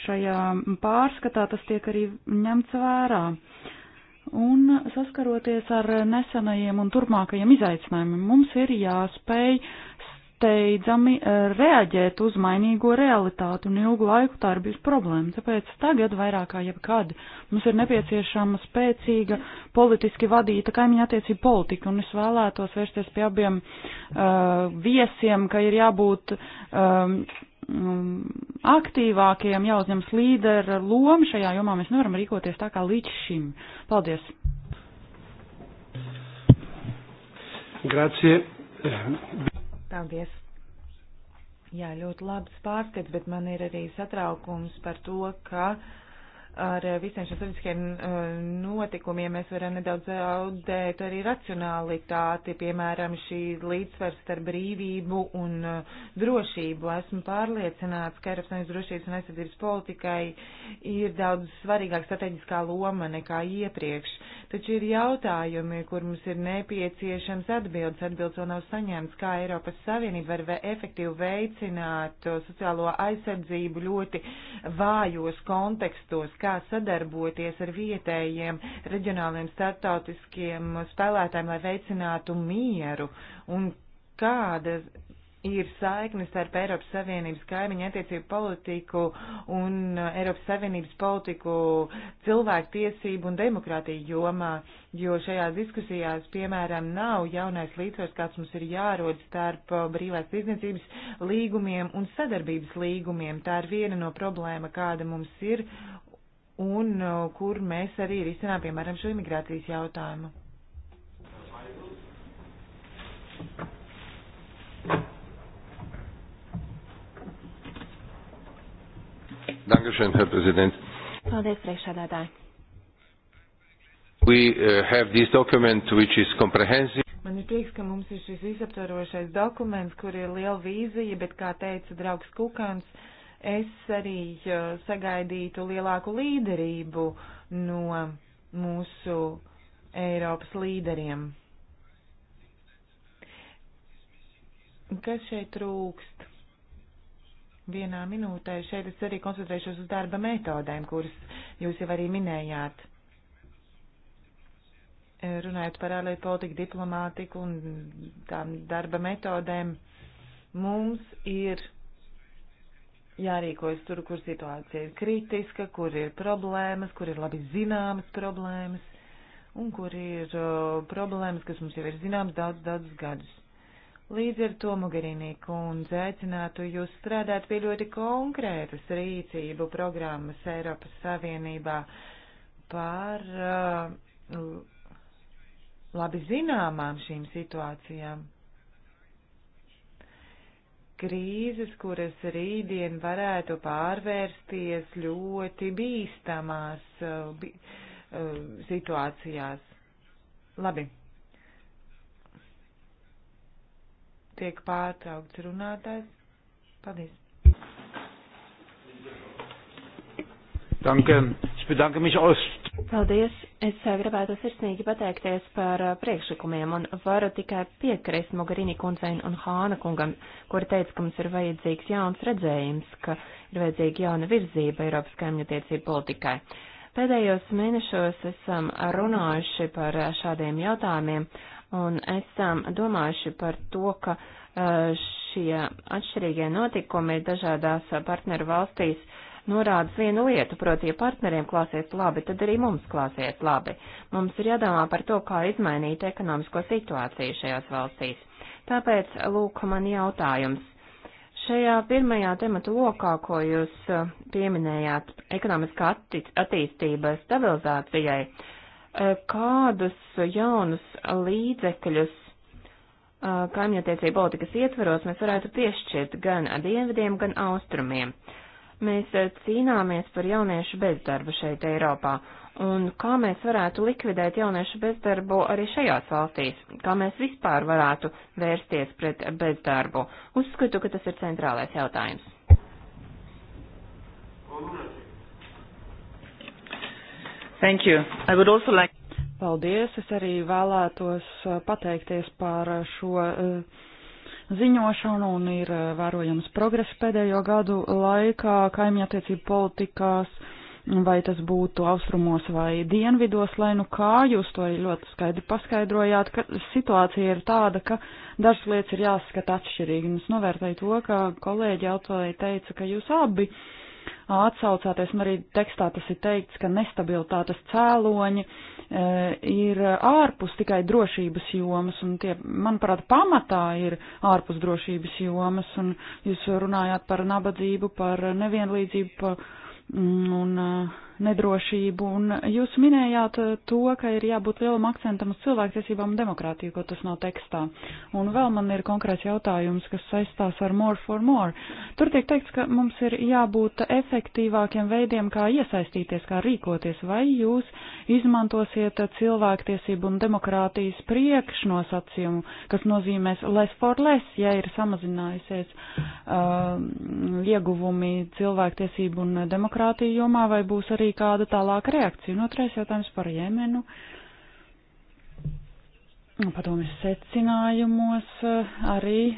Speaker 3: šajā pārskatā tas tiek arī ņemts vērā. Un saskaroties ar nesenajiem un turpmākajiem izaicinājumiem, mums ir jāspēj steidzami eh, reaģēt uz mainīgo realitāti, un ilgu laiku tā ir bijusi problēma. Tāpēc tagad vairāk kā jebkad mums ir nepieciešama spēcīga, politiski vadīta kaimiņa attiecība politika, un es vēlētos vērsties pie abiem uh, viesiem, ka ir jābūt um, aktīvākiem, jāuzņems līdera loma šajā jomā. Mēs nevaram rīkoties tā kā līdz šim. Paldies! Grazie.
Speaker 2: Paldies! Jā, ļoti labs pārskats, bet man ir arī satraukums par to, ka uh, ar eh, visiem šiem sabiedriskiem eh, notikumiem mēs varam nedaudz zaudēt eh, arī racionalitāti, piemēram, šī līdzsvars starp brīvību un drošību. Esmu pārliecināts, ka Eiropas Savienības drošības un aizsardzības politikai ir daudz svarīgāk strateģiskā loma nekā iepriekš. Taču ir jautājumi, kur mums ir nepieciešams atbildes. Atbildes vēl nav saņemts, kā Eiropas Savienība var efektīvi veicināt sociālo aizsardzību ļoti vājos kontekstos, kā kā sadarboties ar vietējiem, reģionāliem, startautiskiem spēlētājiem, lai veicinātu mieru un kādas ir saikne starp Eiropas Savienības kaimiņu attiecību politiku un uh, Eiropas Savienības politiku cilvēku tiesību un demokrātiju jomā, jo šajās diskusijās, piemēram, nav jaunais līdzsvars, kāds mums ir jārod starp uh, brīvās tirdzniecības līgumiem un sadarbības līgumiem. Tā ir viena no problēma, kāda mums ir, un uh, kur mēs arī risinām, piemēram, šo imigrācijas jautājumu.
Speaker 1: Dankeschön, Herr Präsident.
Speaker 2: Paldies, priekšsādātāji.
Speaker 1: We uh, have this document which is comprehensive.
Speaker 2: Man ir prieks, ka mums ir šis visaptvarošais dokuments, kur ir liela vīzija, bet, kā teica draugs Kukans, uh, Es arī eh, sagaidītu lielāku līderību no mūsu Eiropas līderiem. Kas šeit trūkst? Vienā minūtē šeit es arī koncentrēšos uz darba metodēm, kuras jūs jau arī minējāt runājot par ārlietu politiku, diplomātiku un tām darba metodēm, mums ir jārīkojas tur, kur situācija ir kritiska, kur ir problēmas, kur ir labi zināmas problēmas un kur ir uh, problēmas, kas mums jau ir zināmas daudz, daudz gadus. Līdz ar to Mugarīnī kundze aicinātu jūs strādāt pie ļoti konkrētas rīcību programmas Eiropas Savienībā par uh, labi zināmām šīm situācijām krīzes, kuras rītdien varētu pārvērsties ļoti bīstamās uh, bi, uh, situācijās. Labi. Tiek pārtraukts runātājs. Paldies. Danke. Ich bedanke mich aus
Speaker 1: Paldies! Es eh, gribētu sirsnīgi pateikties par eh, priekšlikumiem un varu tikai piekrist Mogarini kundzei un Hāna kungam, kuri teica, ka mums ir vajadzīgs jauns redzējums, ka ir vajadzīga jauna virzība Eiropas kaimiņatiecību politikai. Pēdējos mēnešos esam runājuši par eh, šādiem jautājumiem un esam domājuši par to, ka šie atšķirīgie notikumi dažādās partneru valstīs norādas vienu lietu, proti, ja partneriem klāsies labi, tad arī mums klāsies labi. Mums ir jādomā par to, kā izmainīt ekonomisko situāciju šajās valstīs. Tāpēc, lūk, man jautājums. Šajā pirmajā tematu lokā, ko jūs eh, pieminējāt, ekonomiskā atti attīstība stabilizācijai, eh, kādus jaunus līdzekļus eh, kaimiņattiecību politikas ietvaros mēs varētu piešķirt gan dienvidiem, gan austrumiem. Uh, Mēs eh, cīnāmies par jauniešu bezdarbu šeit Eiropā. Un kā mēs varētu likvidēt jauniešu bezdarbu arī šajās valstīs? Kā mēs vispār varētu vērsties pret bezdarbu? Uzskatu, ka tas ir centrālais jautājums.
Speaker 3: Thank you. I would also like. Paldies. Es arī vēlētos eh, pateikties par eh, šo. Uh, ziņošanu un ir eh, vērojams progress pēdējo gadu laikā kaimiņattiecību politikās, vai tas būtu austrumos vai dienvidos, lai nu kā jūs to ļoti skaidri paskaidrojāt, ka situācija ir tāda, ka dažas lietas ir jāskata atšķirīgi. Un es novērtēju to, ka kolēģi autolēji teica, ka jūs abi uh, atsaucāties, un arī tekstā tas ir teikts, ka nestabilitātes cēloņi e, ir ārpus tikai drošības jomas, un tie, manuprāt, pamatā ir ārpus drošības jomas, un jūs runājāt par nabadzību, par nevienlīdzību, par, un. Uh, nedrošību. Un jūs minējāt eh, to, ka ir jābūt lielam akcentam uz cilvēktiesībām un demokrātiju, ko tas nav tekstā. Un vēl man ir konkrēts jautājums, kas saistās ar more for more. Tur tiek teikts, ka mums ir jābūt efektīvākiem veidiem, kā iesaistīties, kā rīkoties. Vai jūs izmantosiet cilvēktiesību un demokrātijas priekšnosacījumu, kas nozīmēs less for less, ja ir samazinājusies uh, ieguvumi cilvēktiesību un demokrātiju jomā, vai būs arī nebija kāda tālāka reakcija. Un otrais jautājums par Jemenu. Padomjas secinājumos eh, arī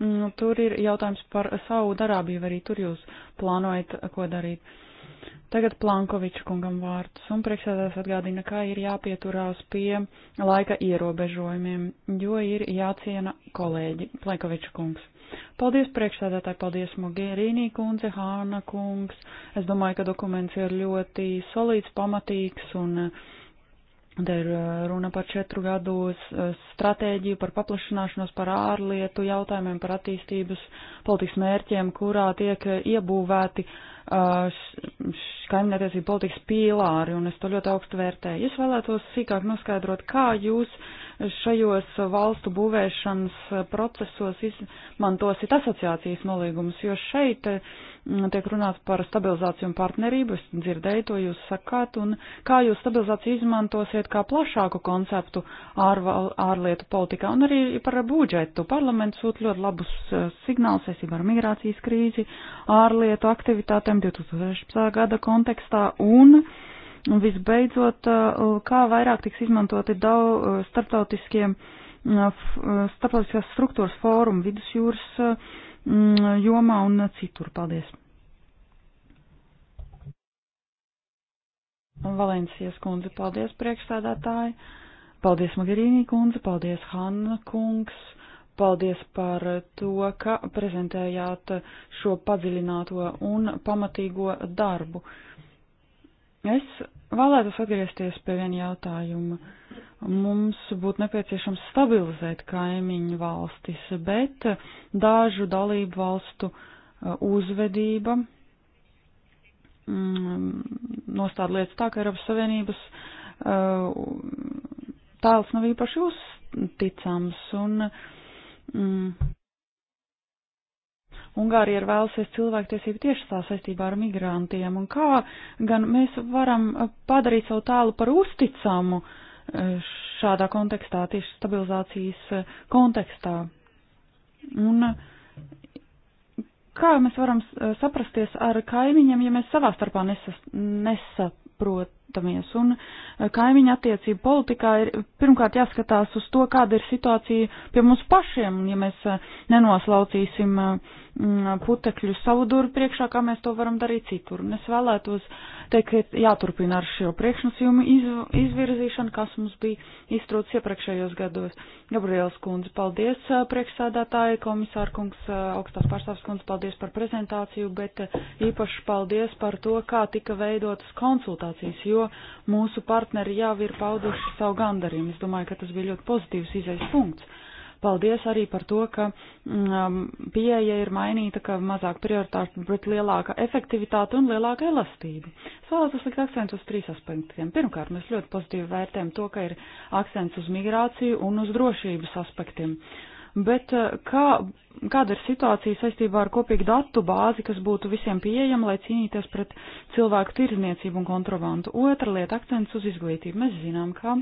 Speaker 3: nu, tur ir jautājums par Saudarābiju, arī tur jūs plānojat, eh, ko darīt. Tagad Plankoviča kungam vārds, un priekšsēdās atgādina, ka ir jāpieturās pie laika ierobežojumiem, jo ir jāciena kolēģi Plankoviča kungs. Paldies priekšsēdētāji, paldies Mogherīnī kundze, Hāna kungs. Es domāju, ka dokuments ir ļoti solīts, pamatīgs un. Te ir uh, runa par četru gadu uh, stratēģiju, par paplašināšanos, par ārlietu jautājumiem, par attīstības politikas mērķiem, kurā tiek iebūvēti uh, kaimiņattiecību politikas pīlāri, un es to ļoti augstu vērtēju. Es vēlētos sīkāk noskaidrot, kā jūs uh, šajos valstu būvēšanas procesos izmantosiet asociācijas nolīgumus, jo šeit mm, tiek runāts par stabilizāciju un partnerību, es dzirdēju to jūs sakāt, un kā jūs stabilizāciju izmantosiet kā plašāku konceptu ārval, ārlietu politikā un arī par budžetu. Parlaments sūt ļoti labus eh, signālus saistībā ar migrācijas krīzi, ārlietu aktivitātēm 2016. gada kontekstā un Un visbeidzot, eh, kā vairāk tiks izmantoti daudz eh, starptautiskie, eh, starptautiskās struktūras fórumi vidusjūras jomā un citur. Paldies! Valencijas kundze, paldies priekšstādātāji, paldies Magarīnī kundze, paldies Hanna kungs, paldies par to, ka prezentējāt šo padziļināto un pamatīgo darbu. Uh, Es vēlētos atgriezties pie viena jautājuma. Mums būtu nepieciešams stabilizēt kaimiņu valstis, bet dažu dalību valstu uh, uzvedība mm, nostāda lietas tā, ka Eiropas Savienības uh, tēls nav īpaši uzticams un mm, Ungārija ir vēlusies cilvēktiesību tieši tā saistībā ar migrantiem, un kā gan mēs varam uh, padarīt savu tēlu par uzticamu uh, šādā kontekstā, tieši stabilizācijas uh, kontekstā. Un kā mēs varam saprasties ar kaimiņiem, ja mēs savā starpā nesas, nesaprot, skatāmies. Un eh, kaimiņa attiecību politikā ir pirmkārt jāskatās uz to, kāda ir situācija pie mums pašiem, un ja mēs eh, nenoslaucīsim eh, mm, putekļus savu duru priekšā, kā mēs to varam darīt citur. Un es vēlētos teikt, ka jāturpina ar šo priekšnosījumu izv izvirzīšanu, kas mums bija iztrūcis iepriekšējos gados. Gabriels kundze, paldies priekšsādātāji, komisāra kungs, augstās pārstāvs kundze, paldies par prezentāciju, bet īpaši paldies par to, kā tika veidotas konsultācijas, jo jo mūsu partneri jau ir pauduši savu gandarījumu. Es domāju, ka tas bija ļoti pozitīvs izaisa punkts. Paldies arī par to, ka mm, um, pieeja ir mainīta, ka mazāk prioritāte, bet lielāka efektivitāte un lielāka elastība. Es vēlos uzlikt akcentu uz trīs aspektiem. Pirmkārt, mēs ļoti pozitīvi vērtējam to, ka ir akcents uz migrāciju un uz drošības aspektiem. Uh, bet eh, kā, kāda ir situācija saistībā ar kopīgu datu bāzi, kas būtu visiem pieejama, lai cīnīties pret cilvēku tirzniecību un kontrabandu? Otra lieta - akcents uz izglītību. Mēs zinām, ka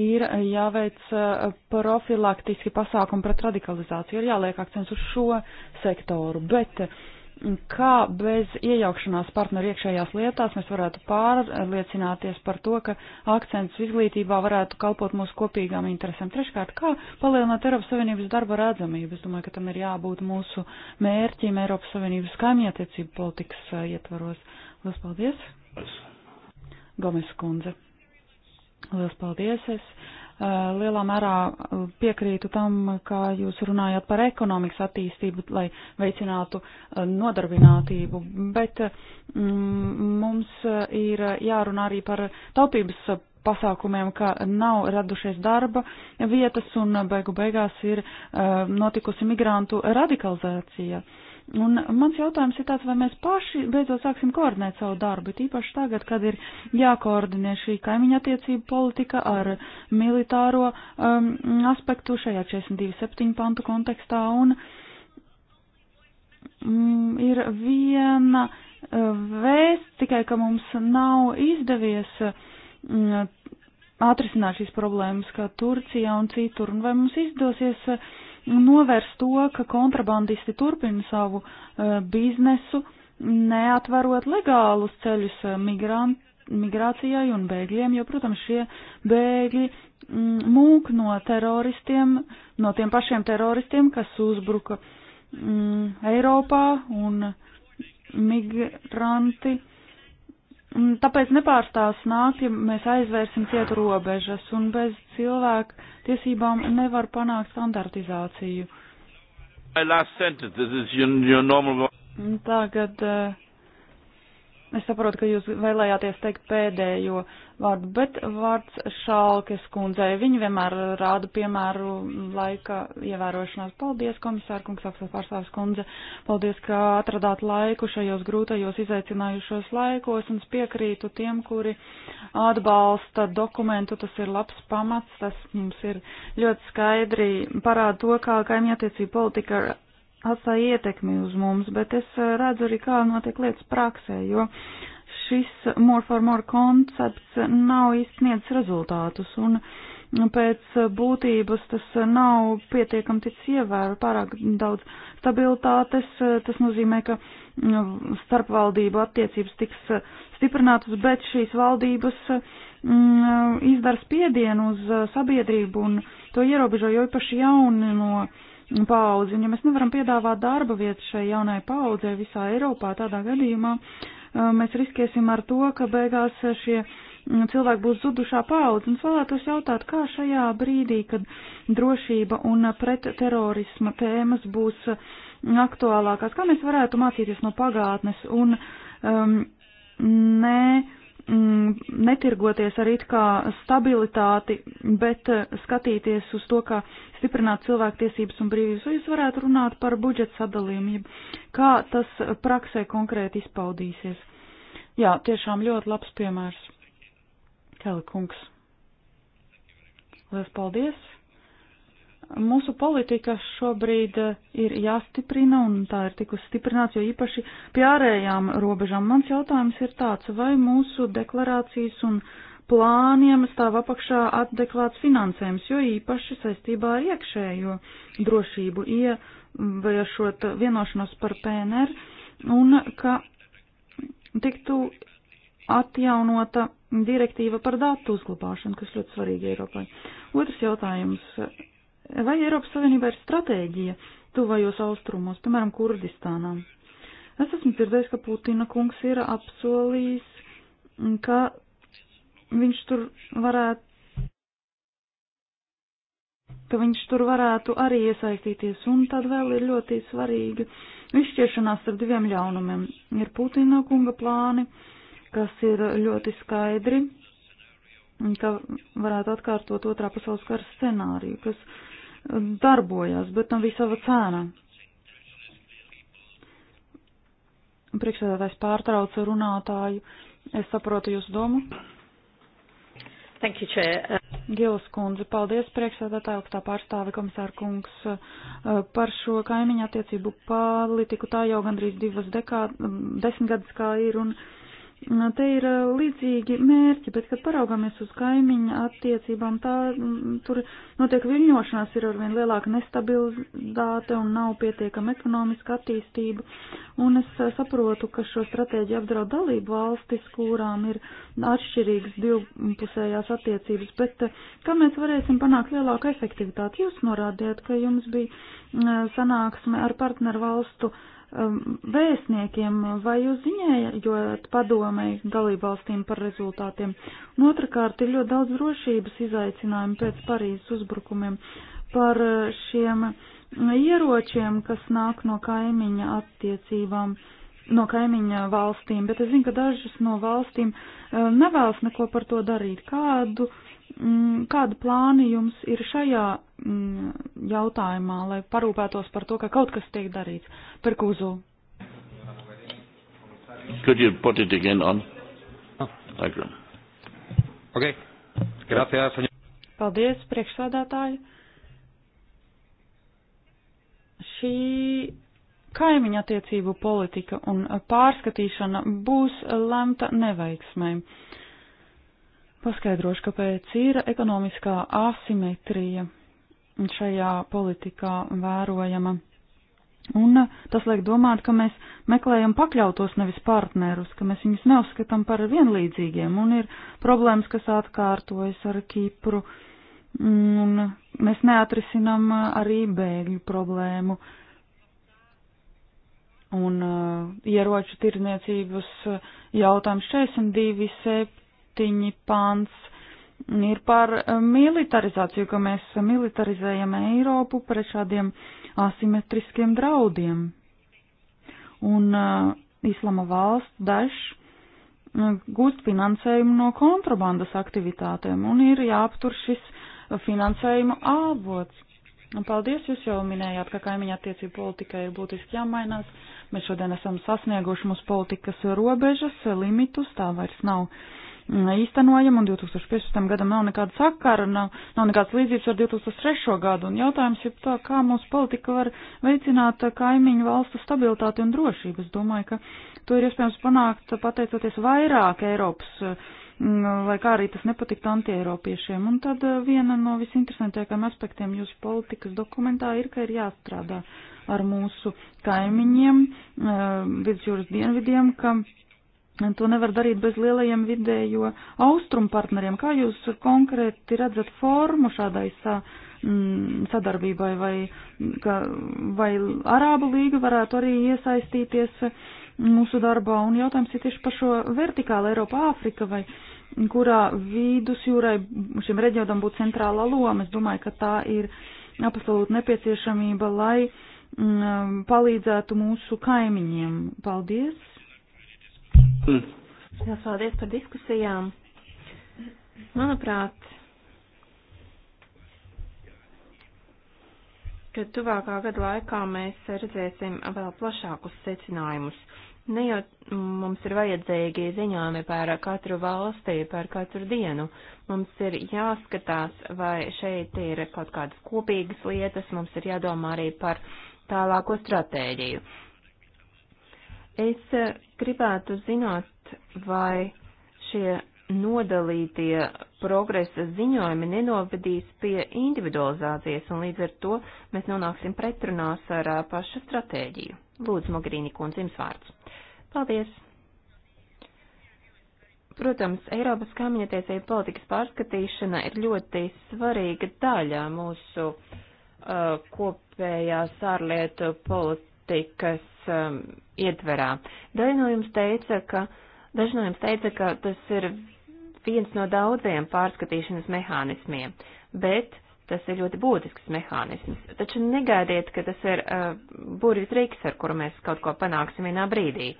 Speaker 3: ir jāveic eh, profilaktiski pasākumi pret radikalizāciju, ir jāliek akcents uz šo sektoru, bet kā bez iejaukšanās partneru iekšējās lietās mēs varētu pārliecināties par to, ka akcents izglītībā varētu kalpot mūsu kopīgām interesēm. Treškārt, kā palielināt Eiropas Savienības darba redzamību? Es domāju, ka tam ir jābūt mūsu mērķim Eiropas Savienības kaimietiecību politikas uh, ietvaros. Lielas paldies! Gomes kundze. Lielas paldies! Es Eh, lielā mērā eh, piekrītu tam, kā jūs runājāt par ekonomikas attīstību, lai veicinātu eh, nodarbinātību, bet mm, mums ir jārunā arī par taupības pasākumiem, ka nav radušies darba vietas un beigu beigās ir notikusi migrantu radikalizācija. Uh, Un mans jautājums ir tāds, vai mēs paši beidzot sāksim koordinēt savu darbu, tīpaši tagad, kad ir jākoordinē šī kaimiņa attiecība politika ar militāro um, aspektu šajā 42.7. pantu kontekstā. Un, mm, ir viena uh, vēsts tikai, ka mums nav izdevies mm, atrisināt šīs problēmas, kā Turcijā un citur, un vai mums izdosies uh, un novērst to, ka kontrabandisti turpina savu e, biznesu, neatverot legālus ceļus e, migrant, migrācijai un bēgļiem, jo, protams, šie bēgļi mm, mūk no teroristiem, no tiem pašiem teroristiem, kas uzbruka mm, Eiropā un migranti Tāpēc nepārstās nākt, ja mēs aizvērsim cietu robežas, un bez cilvēku tiesībām nevar panākt standartizāciju. Tagad uh, Es saprotu, ka jūs vēlējāties teikt pēdējo vārdu, bet vārds Šalkes kundzei. Viņa vienmēr rāda piemēru laika ievērošanās. Paldies, komisāra kungs, apsvērs pārstāvis kundze. Paldies, ka atradāt laiku šajos grūtajos izaicinājušos laikos un piekrītu tiem, kuri atbalsta dokumentu. Tas ir labs pamats, tas mums ir ļoti skaidri parāda to, kā kaimietiecība politika atstāja ietekmi uz mums, bet es eh, redzu arī, kā notiek lietas praksē, jo šis more for more koncepts nav izsniedz rezultātus un pēc būtības tas nav pietiekami tic ievēru pārāk daudz stabilitātes. Tas nozīmē, ka nu, starpvaldību attiecības tiks stiprinātas, bet šīs valdības mm, izdara spiedienu uz sabiedrību un to ierobežo, jo īpaši jauni no paudzi. Un ja mēs nevaram piedāvāt darba vietu šai jaunai paudzē visā Eiropā, tādā gadījumā eh, mēs riskēsim ar to, ka beigās šie mm, cilvēki būs zudušā paudze. Un es vēlētos jautāt, kā šajā brīdī, kad drošība un pretterorisma tēmas būs mm, aktuālākās, kā mēs varētu mācīties no pagātnes un um, ne Mm, netirgoties ar it kā stabilitāti, bet eh, skatīties uz to, kā stiprināt cilvēktiesības un brīvības. Vai jūs varētu runāt par budžeta sadalījumu, kā tas praksē konkrēti izpaudīsies? Jā, tiešām ļoti labs piemērs. Kelikungs. Lielas paldies! Mūsu politika šobrīd eh, ir jāstiprina, un tā ir tikus stiprināts, jo īpaši pie ārējām robežām. Mans jautājums ir tāds, vai mūsu deklarācijas un plāniem stāv apakšā adekvāts finansējums, jo īpaši saistībā ar iekšējo drošību, ievēršot vienošanos par PNR, un ka tiktu atjaunota direktīva par datu uzglabāšanu, kas ļoti svarīgi Eiropai. Otrs jautājums Vai Eiropas Savienībā ir stratēģija tuvajos austrumos, piemēram, Kurdistānā? Es esmu dzirdējis, ka Putina kungs ir apsolījis, mm, ka viņš tur varētu ka viņš tur varētu arī iesaistīties, un tad vēl ir ļoti svarīga izšķiešanās ar diviem ļaunumiem. Ir Putina kunga plāni, kas ir ļoti skaidri, ka varētu atkārtot otrā pasaules kara scenāriju, kas darbojas, bet tam bija sava cēna. Priekšsēdētājs pārtrauca runātāju. Es saprotu jūsu domu. Thank you, Chair. Gilas kundze, paldies priekšsēdētāju augstā pārstāve komisāra kungs par šo kaimiņu attiecību politiku. Tā jau gandrīz divas dekā, desmit gadus kā ir. Un, uh, Nu, te ir uh, līdzīgi mērķi, bet, kad paraugamies uz kaimiņa attiecībām, tā mm, tur notiek viļņošanās, ir arvien lielāka nestabilitāte un nav pietiekama ekonomiska attīstība. Un es uh, saprotu, ka šo stratēģiju apdraud dalību valstis, kurām ir atšķirīgas divpusējās attiecības, bet uh, kā mēs varēsim panākt lielāku efektivitāti? Jūs norādījāt, ka jums bija sanāksme ar partneru valstu uh, Um, vēstniekiem, vai jūs ziņējat padomēji dalībvalstīm par rezultātiem? Un otrakārt ir ļoti daudz drošības izaicinājumu pēc Parīzes uzbrukumiem par uh, šiem uh, ieročiem, kas nāk no kaimiņa attiecībām, no kaimiņa valstīm, bet es zinu, ka dažas no valstīm uh, nevēlas neko par to darīt. Kādu, mm, kādu plānu jums ir šajā Mm, jautājumā, lai parūpētos par to, ka kaut kas tiek darīts. Par kūzu.
Speaker 2: Could you put it again on? Diagram. Oh. Ok. Gracias, señor.
Speaker 3: Paldies, priekšsādātāji. Šī kaimiņa attiecību politika un pārskatīšana būs lemta neveiksmēm. Paskaidrošu, kāpēc ir ekonomiskā asimetrija šajā politikā vērojama. Un eh, tas liek domāt, ka mēs meklējam pakļautos nevis partnerus, ka mēs viņus neuzskatām par vienlīdzīgiem, un ir problēmas, kas atkārtojas ar Kipru, un mēs neatrisinam eh, arī bēgļu problēmu. Un uh, ieroču tirniecības jautājums 42.7. pāns ir par eh, militarizāciju, ka mēs militarizējam Eiropu pret šādiem asimetriskiem draudiem. Un uh, Islama valsts dažs eh, gūst finansējumu no kontrabandas aktivitātēm un ir jāaptur šis finansējuma avots. Paldies, jūs jau minējāt, ka kaimiņa attiecība politika ir būtiski jāmainās. Mēs šodien esam sasnieguši mūsu politikas robežas, limitus, tā vairs nav uh, īstenojam, un 2015. gadam nav nekāda sakara, nav, nav nekādas līdzības ar 2003. gadu, un jautājums ir tā, kā mūsu politika var veicināt kaimiņu valstu stabilitāti un drošību. Es domāju, ka to ir iespējams panākt pateicoties vairāk Eiropas, mm, lai kā arī tas nepatikt antieiropiešiem. Un tad eh, viena no visinteresantākajiem aspektiem jūsu politikas dokumentā ir, ka ir jāstrādā ar mūsu kaimiņiem, eh, vidusjūras dienvidiem, ka To nevar darīt bez lielajiem vidējo austrumu partneriem. Kā jūs konkrēti redzat formu šādai sa, m, mm, sadarbībai, vai, ka, vai Arābu līga varētu arī iesaistīties mūsu darbā? Un jautājums ir tieši par šo vertikālu Eiropu, Āfrika, vai kurā vidusjūrai šim reģionam būtu centrāla loma. Es domāju, ka tā ir absolūta nepieciešamība, lai m, mm, palīdzētu mūsu kaimiņiem. Paldies! Mm. Jā, paldies par diskusijām. Manuprāt,
Speaker 1: ka tuvākā gada laikā mēs redzēsim vēl plašākus secinājumus. Ne jau mums ir vajadzīgi ziņojumi par katru valstī, par katru dienu. Mums ir jāskatās, vai šeit ir kaut kādas kopīgas lietas, mums ir jādomā arī par tālāko stratēģiju. Es eh, gribētu zināt, vai šie nodalītie progresa ziņojumi nenovedīs pie individualizācijas, un līdz ar to mēs nonāksim pretrunās ar eh, pašu stratēģiju. Lūdzu, Mogrīni kundze, jums vārds. Paldies! Protams, Eiropas kaimiņatiesību politikas pārskatīšana ir ļoti svarīga daļa mūsu uh, kopējās ārlietu politikas um, ietverā. Daži no jums teica, ka, daži no jums teica, ka tas ir viens no daudziem pārskatīšanas mehānismiem, bet tas ir ļoti būtisks mehānisms. Taču negaidiet, ka tas ir uh, burvis rīks, ar kuru mēs kaut ko panāksim vienā brīdī.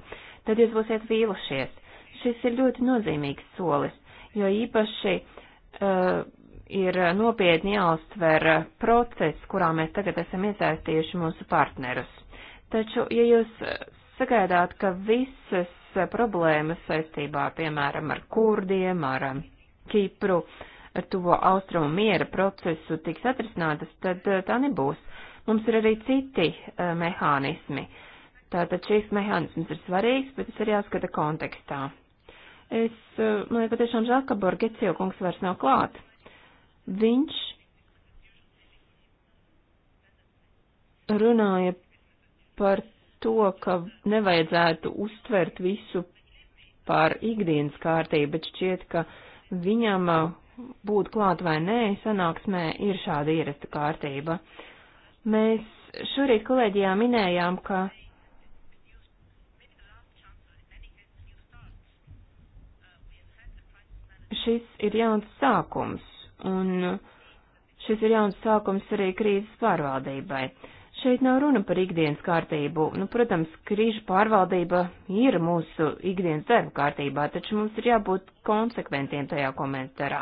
Speaker 1: Tad jūs būsiet vīlušies. Šis ir ļoti nozīmīgs solis, jo īpaši uh, ir nopietni jāuztver uh, process, kurā mēs tagad esam iesaistījuši mūsu partnerus. Taču, ja jūs eh, sagaidāt, ka visas eh, problēmas saistībā, piemēram, ar kurdiem, ar um, Kipru, ar tuvo austrumu miera procesu tiks atrisinātas, tad eh, tā nebūs. Mums ir arī citi uh, mehānismi. Tātad šīs mehānisms ir svarīgs, bet tas ir jāskata kontekstā. Es, uh, man ir patiešām žēl, ka Borgecio kungs vairs nav klāt. Viņš runāja par to, ka nevajadzētu uztvert visu par ikdienas kārtību, bet šķiet, ka viņam uh, būt klāt vai nē, sanāksmē ir šāda ierasta kārtība. Mēs šorīt kolēģijā minējām, ka šis ir jauns sākums, un šis ir jauns sākums arī krīzes pārvaldībai. Šeit nav runa par ikdienas kārtību. Nu, protams, krīžu pārvaldība ir mūsu ikdienas darba kārtībā, taču mums ir jābūt konsekventiem tajā komentārā.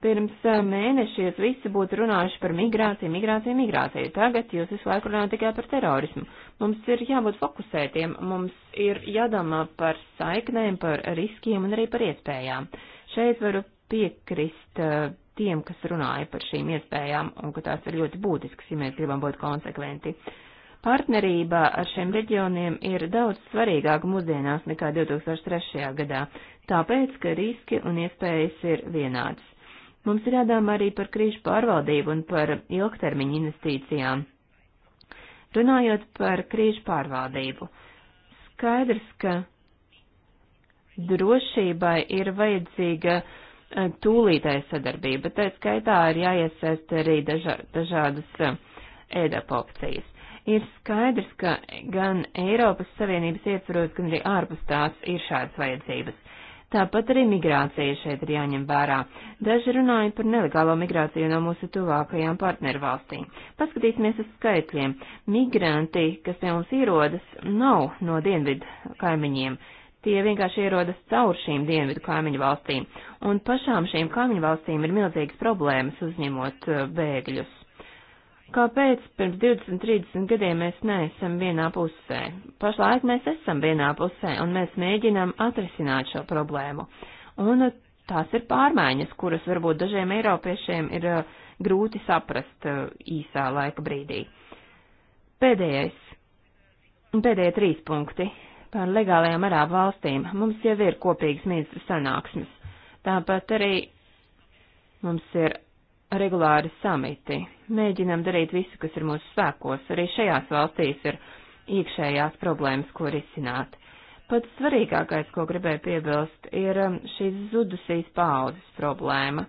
Speaker 1: Pirms mēnešies visi būtu runājuši par migrāciju, migrāciju, migrāciju. Tagad jūs visu laiku runājat tikai par terorismu. Mums ir jābūt fokusētiem, mums ir jādomā par saiknēm, par riskiem un arī par iespējām. Šeit varu piekrist tiem, kas runāja par šīm iespējām, un ka tās ir ļoti būtiskas, ja mēs gribam būt konsekventi. Partnerība ar šiem reģioniem ir daudz svarīgāka mūsdienās nekā 2003. gadā, tāpēc, ka riski un iespējas ir vienāds. Mums ir jādām arī par krīžu pārvaldību un par ilgtermiņu investīcijām. Runājot par krīžu pārvaldību, skaidrs, ka drošībai ir vajadzīga uh, Eh, tūlītēja sadarbība, bet tā skaitā ir jāiesaist arī dažā, dažādas eh, ēdapa opcijas. Ir skaidrs, ka gan Eiropas Savienības ietvaros, gan arī ārpus tās ir šādas vajadzības. Tāpat arī migrācija šeit ir jāņem vērā. Daži runāja par nelegālo migrāciju no mūsu tuvākajām partnervalstīm. Paskatīsimies uz skaitļiem. Migranti, kas pie mums ierodas, nav no dienvidu kaimiņiem. Tie vienkārši ierodas caur šīm dienvidu kaimiņu valstīm, un pašām šīm kaimiņu valstīm ir milzīgas problēmas uzņemot eh, bēgļus. Kāpēc pirms 20, 30 gadiem mēs neesam vienā pusē? Pašlaik mēs esam vienā pusē, un mēs mēģinām atrisināt šo problēmu. Un eh, tās ir pārmaiņas, kuras varbūt dažiem eiropiešiem ir eh, grūti saprast īsā laika brīdī. Pēdējais. Pēdējie trīs punkti par legālajām arābu valstīm. Mums jau ir kopīgas ministru sanāksmes. Tāpat arī mums ir regulāri samiti. Mēģinam darīt visu, kas ir mūsu spēkos. Arī šajās valstīs ir iekšējās problēmas, ko risināt. Pats svarīgākais, ko gribēju piebilst, ir um, šīs zudusīs paaudzes problēma,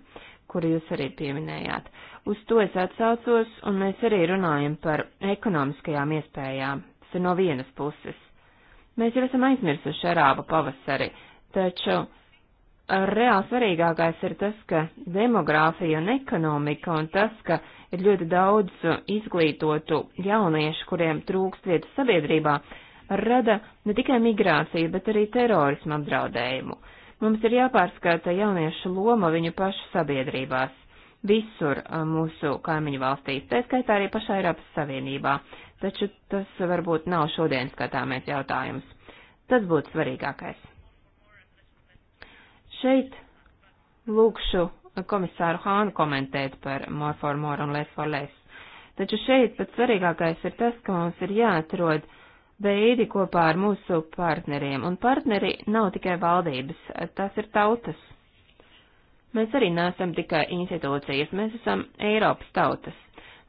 Speaker 1: kuru jūs arī pieminējāt. Uz to es atsaucos, un mēs arī runājam par ekonomiskajām iespējām. Tas ir no vienas puses Mēs jau esam aizmirsuši arābu pavasari, taču reāli svarīgākais ir tas, ka demogrāfija un ekonomika un tas, ka ir ļoti daudz izglītotu jauniešu, kuriem trūkst vietas sabiedrībā, rada ne tikai migrāciju, bet arī terorismu apdraudējumu. Mums ir jāpārskata jauniešu loma viņu pašu sabiedrībās, visur mūsu kaimiņu valstīs, tā skaitā arī pašā Eiropas Savienībā taču tas varbūt nav šodien skatāmies jautājums. Tas būtu svarīgākais. Šeit lūkšu komisāru Hānu komentēt par More for More un Less for Less. Taču šeit pats svarīgākais ir tas, ka mums ir jāatrod veidi kopā ar mūsu partneriem, un partneri nav tikai valdības, tās ir tautas. Mēs arī neesam tikai institūcijas, mēs esam Eiropas tautas.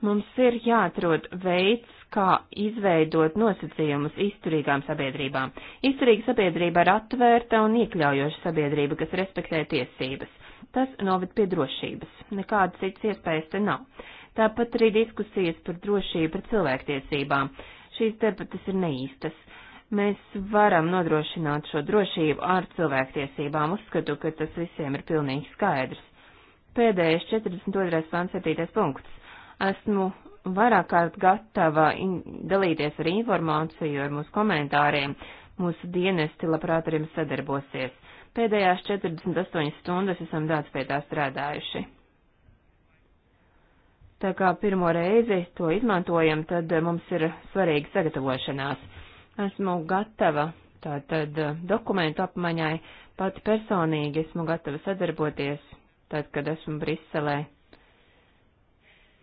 Speaker 1: Mums ir jāatrod veids, kā izveidot nosacījumus izturīgām sabiedrībām. Izturīga sabiedrība ir atvērta un iekļaujoša sabiedrība, kas respektē tiesības. Tas noved pie drošības. Nekādas citas iespējas te nav. Tāpat arī diskusijas par drošību, par cilvēktiesībām. Šīs debatas ir neīstas. Mēs varam nodrošināt šo drošību ar cilvēktiesībām. Uzskatu, ka tas visiem ir pilnīgi skaidrs. Pēdējais 42. pants 7. punkts. Esmu vairāk kārt gatava dalīties ar informāciju, ar mūsu komentāriem. Mūsu dienesti labprāt ar jums sadarbosies. Pēdējās 48 stundas esam daudz pie tā strādājuši. Tā kā pirmo reizi to izmantojam, tad mums ir svarīga sagatavošanās. Esmu gatava tātad dokumentu apmaiņai, pati personīgi esmu gatava sadarboties, tad, kad esmu Briselē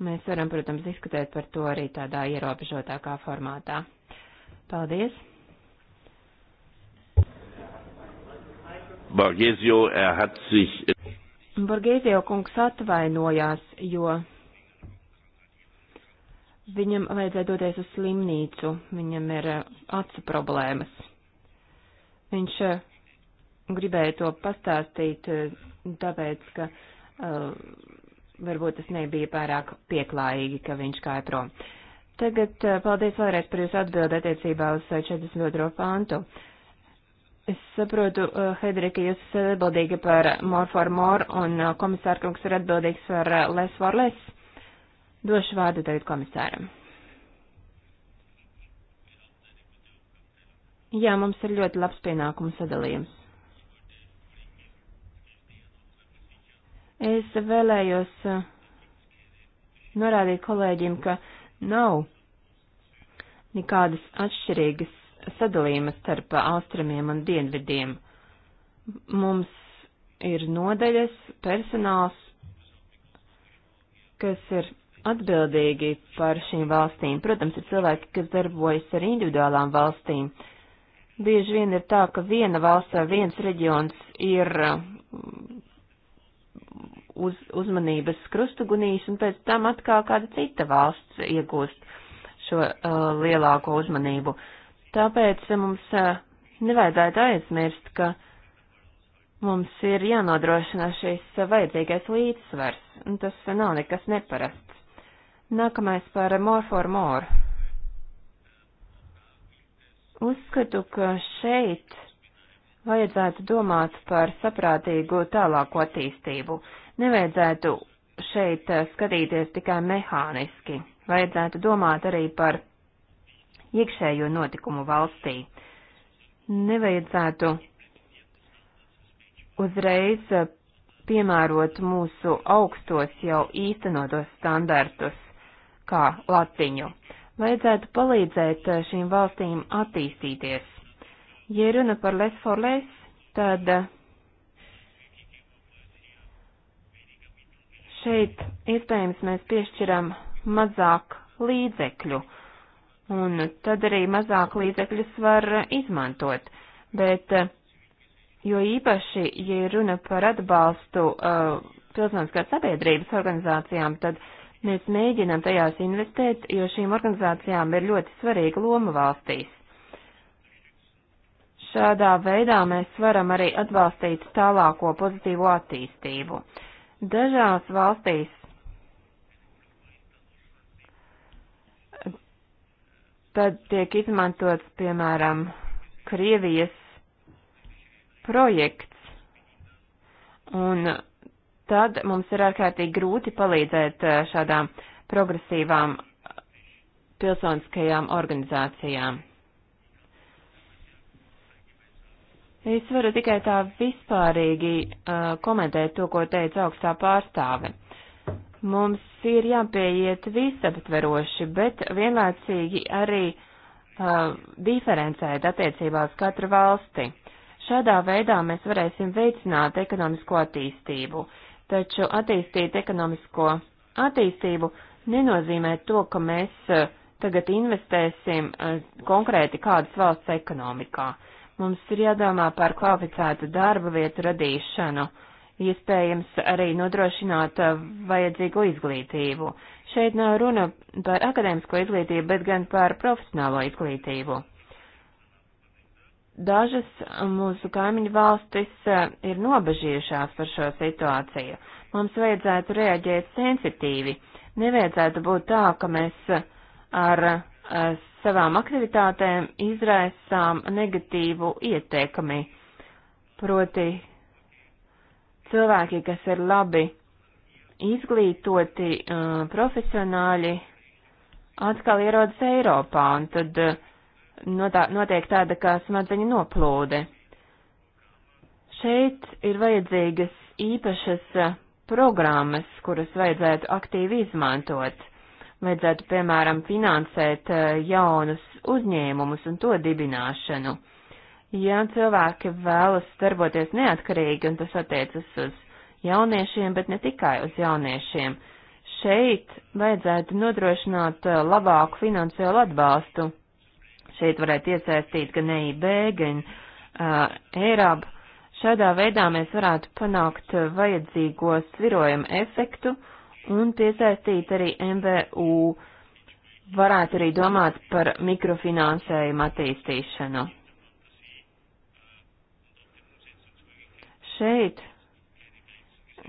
Speaker 1: Mēs varam, protams, diskutēt par to arī tādā ierobežotākā formātā. Paldies!
Speaker 2: Borgesio, er hat sich.
Speaker 1: Borgesio kungs atvainojās, jo viņam vajadzēja doties uz slimnīcu, viņam ir eh, acu problēmas. Viņš eh, gribēja to pastāstīt, eh, tāpēc, ka uh, varbūt tas nebija pārāk pieklājīgi, ka viņš kāja prom. Tagad eh, paldies vēlreiz par jūsu atbildi attiecībā uz 42. Eh, pantu. Es saprotu, eh, Hedrika, jūs esat atbildīga par More for More un komisārkungs ir atbildīgs par Less for Less. Došu vārdu tagad komisāram. Jā, mums ir ļoti labs pienākumu sadalījums. Es vēlējos uh, norādīt kolēģiem, ka nav nekādas atšķirīgas sadalījuma starp austrumiem un dienvidiem. Mums ir nodaļas, personāls, kas ir atbildīgi par šīm valstīm. Protams, ir cilvēki, kas darbojas ar individuālām valstīm. Bieži vien ir tā, ka viena valsts vai viens reģions ir uz, uzmanības krustugunīs, un pēc tam atkal kāda cita valsts iegūst šo uh, lielāko uzmanību. Tāpēc uh, mums uh, nevajadzētu aizmirst, ka mums ir jānodrošina šīs uh, vajadzīgais līdzsvars, un tas nav nekas neparasts. Nākamais par more for more. Uzskatu, ka šeit vajadzētu domāt par saprātīgu tālāku attīstību. Nevajadzētu šeit eh, skatīties tikai mehāniski, vajadzētu domāt arī par iekšējo notikumu valstī. Nevajadzētu uzreiz eh, piemērot mūsu augstos jau īstenotos standartus, kā latiņu. Vajadzētu palīdzēt eh, šīm valstīm attīstīties. Ja runa par Les for Les, tad Šeit iespējams mēs piešķiram mazāk līdzekļu, un tad arī mazāk līdzekļus var izmantot, bet jo īpaši, ja runa par atbalstu uh, pilsoniskās sabiedrības organizācijām, tad mēs mēģinām tajās investēt, jo šīm organizācijām ir ļoti svarīga loma valstīs. Šādā veidā mēs varam arī atbalstīt tālāko pozitīvo attīstību. Uh, Dažās valstīs tad tiek izmantots, piemēram, Krievijas projekts, un tad mums ir ārkārtīgi grūti palīdzēt eh, šādām progresīvām eh, pilsoniskajām organizācijām. Es varu tikai tā vispārīgi uh, komentēt to, ko teica augstā pārstāve. Mums ir jāpieiet visaptveroši, bet vienlaicīgi arī uh, diferencēt attiecībā uz katru valsti. Šādā veidā mēs varēsim veicināt ekonomisko attīstību, taču attīstīt ekonomisko attīstību nenozīmē to, ka mēs uh, tagad investēsim uh, konkrēti kādas valsts ekonomikā. Uh, Mums ir jādomā par kvalificētu darba vietu radīšanu, iespējams arī nodrošināt uh, vajadzīgo izglītību. Šeit nav runa par akadēmisko izglītību, bet gan par profesionālo izglītību. Dažas mūsu kaimiņu valstis uh, ir nobežījušās par šo situāciju. Mums vajadzētu reaģēt sensitīvi. Nevajadzētu būt tā, ka mēs uh, ar Eh, savām aktivitātēm izraisām negatīvu ietekmi. Proti cilvēki, kas ir labi izglītoti, eh, profesionāļi, atkal ierodas Eiropā, un tad eh, notā, notiek tāda kā smadzeņu noplūde. Šeit ir vajadzīgas īpašas programmas, kuras vajadzētu aktīvi izmantot. Vajadzētu, piemēram, finansēt eh, jaunus uzņēmumus un to dibināšanu. Ja cilvēki vēlas darboties neatkarīgi, un tas attiecas uz jauniešiem, bet ne tikai uz jauniešiem, šeit vajadzētu nodrošināt eh, labāku finansiālu atbalstu. Šeit varētu iesaistīt gan EIB, gan uh, eh, ERAB. Šādā veidā mēs varētu panākt vajadzīgo svirojumu efektu un piesaistīt arī MVU. Varētu arī domāt par mikrofinansējumu attīstīšanu. Šeit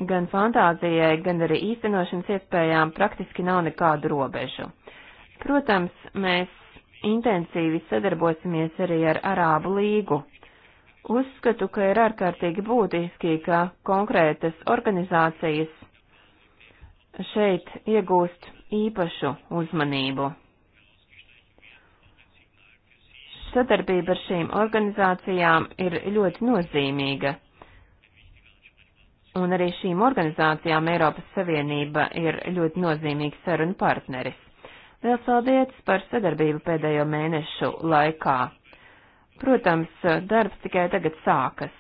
Speaker 1: gan fantāzijai, gan arī īstenošanas iespējām praktiski nav nekādu robežu. Protams, mēs intensīvi sadarbosimies arī ar Arābu līgu. Uzskatu, ka ir ārkārtīgi būtiski, ka konkrētas organizācijas šeit iegūst īpašu uzmanību. Sadarbība ar šīm organizācijām ir ļoti nozīmīga, un arī šīm organizācijām Eiropas Savienība ir ļoti nozīmīgs sarunu partneris. Liels paldies par sadarbību pēdējo mēnešu laikā. Protams, darbs tikai tagad sākas.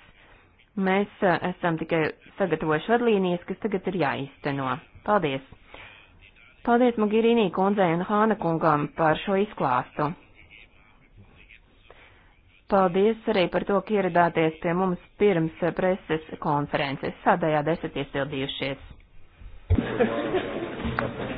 Speaker 1: Mēs eh, esam tikai sagatavojuši vadlīnijas, kas tagad ir jāizteno. Paldies! Paldies Magirīnī kundzei un Hāna kungam par šo izklāstu. Paldies arī par to, ka ieradāties pie mums pirms preses konferences. Sādējā esat
Speaker 2: iesildījušies.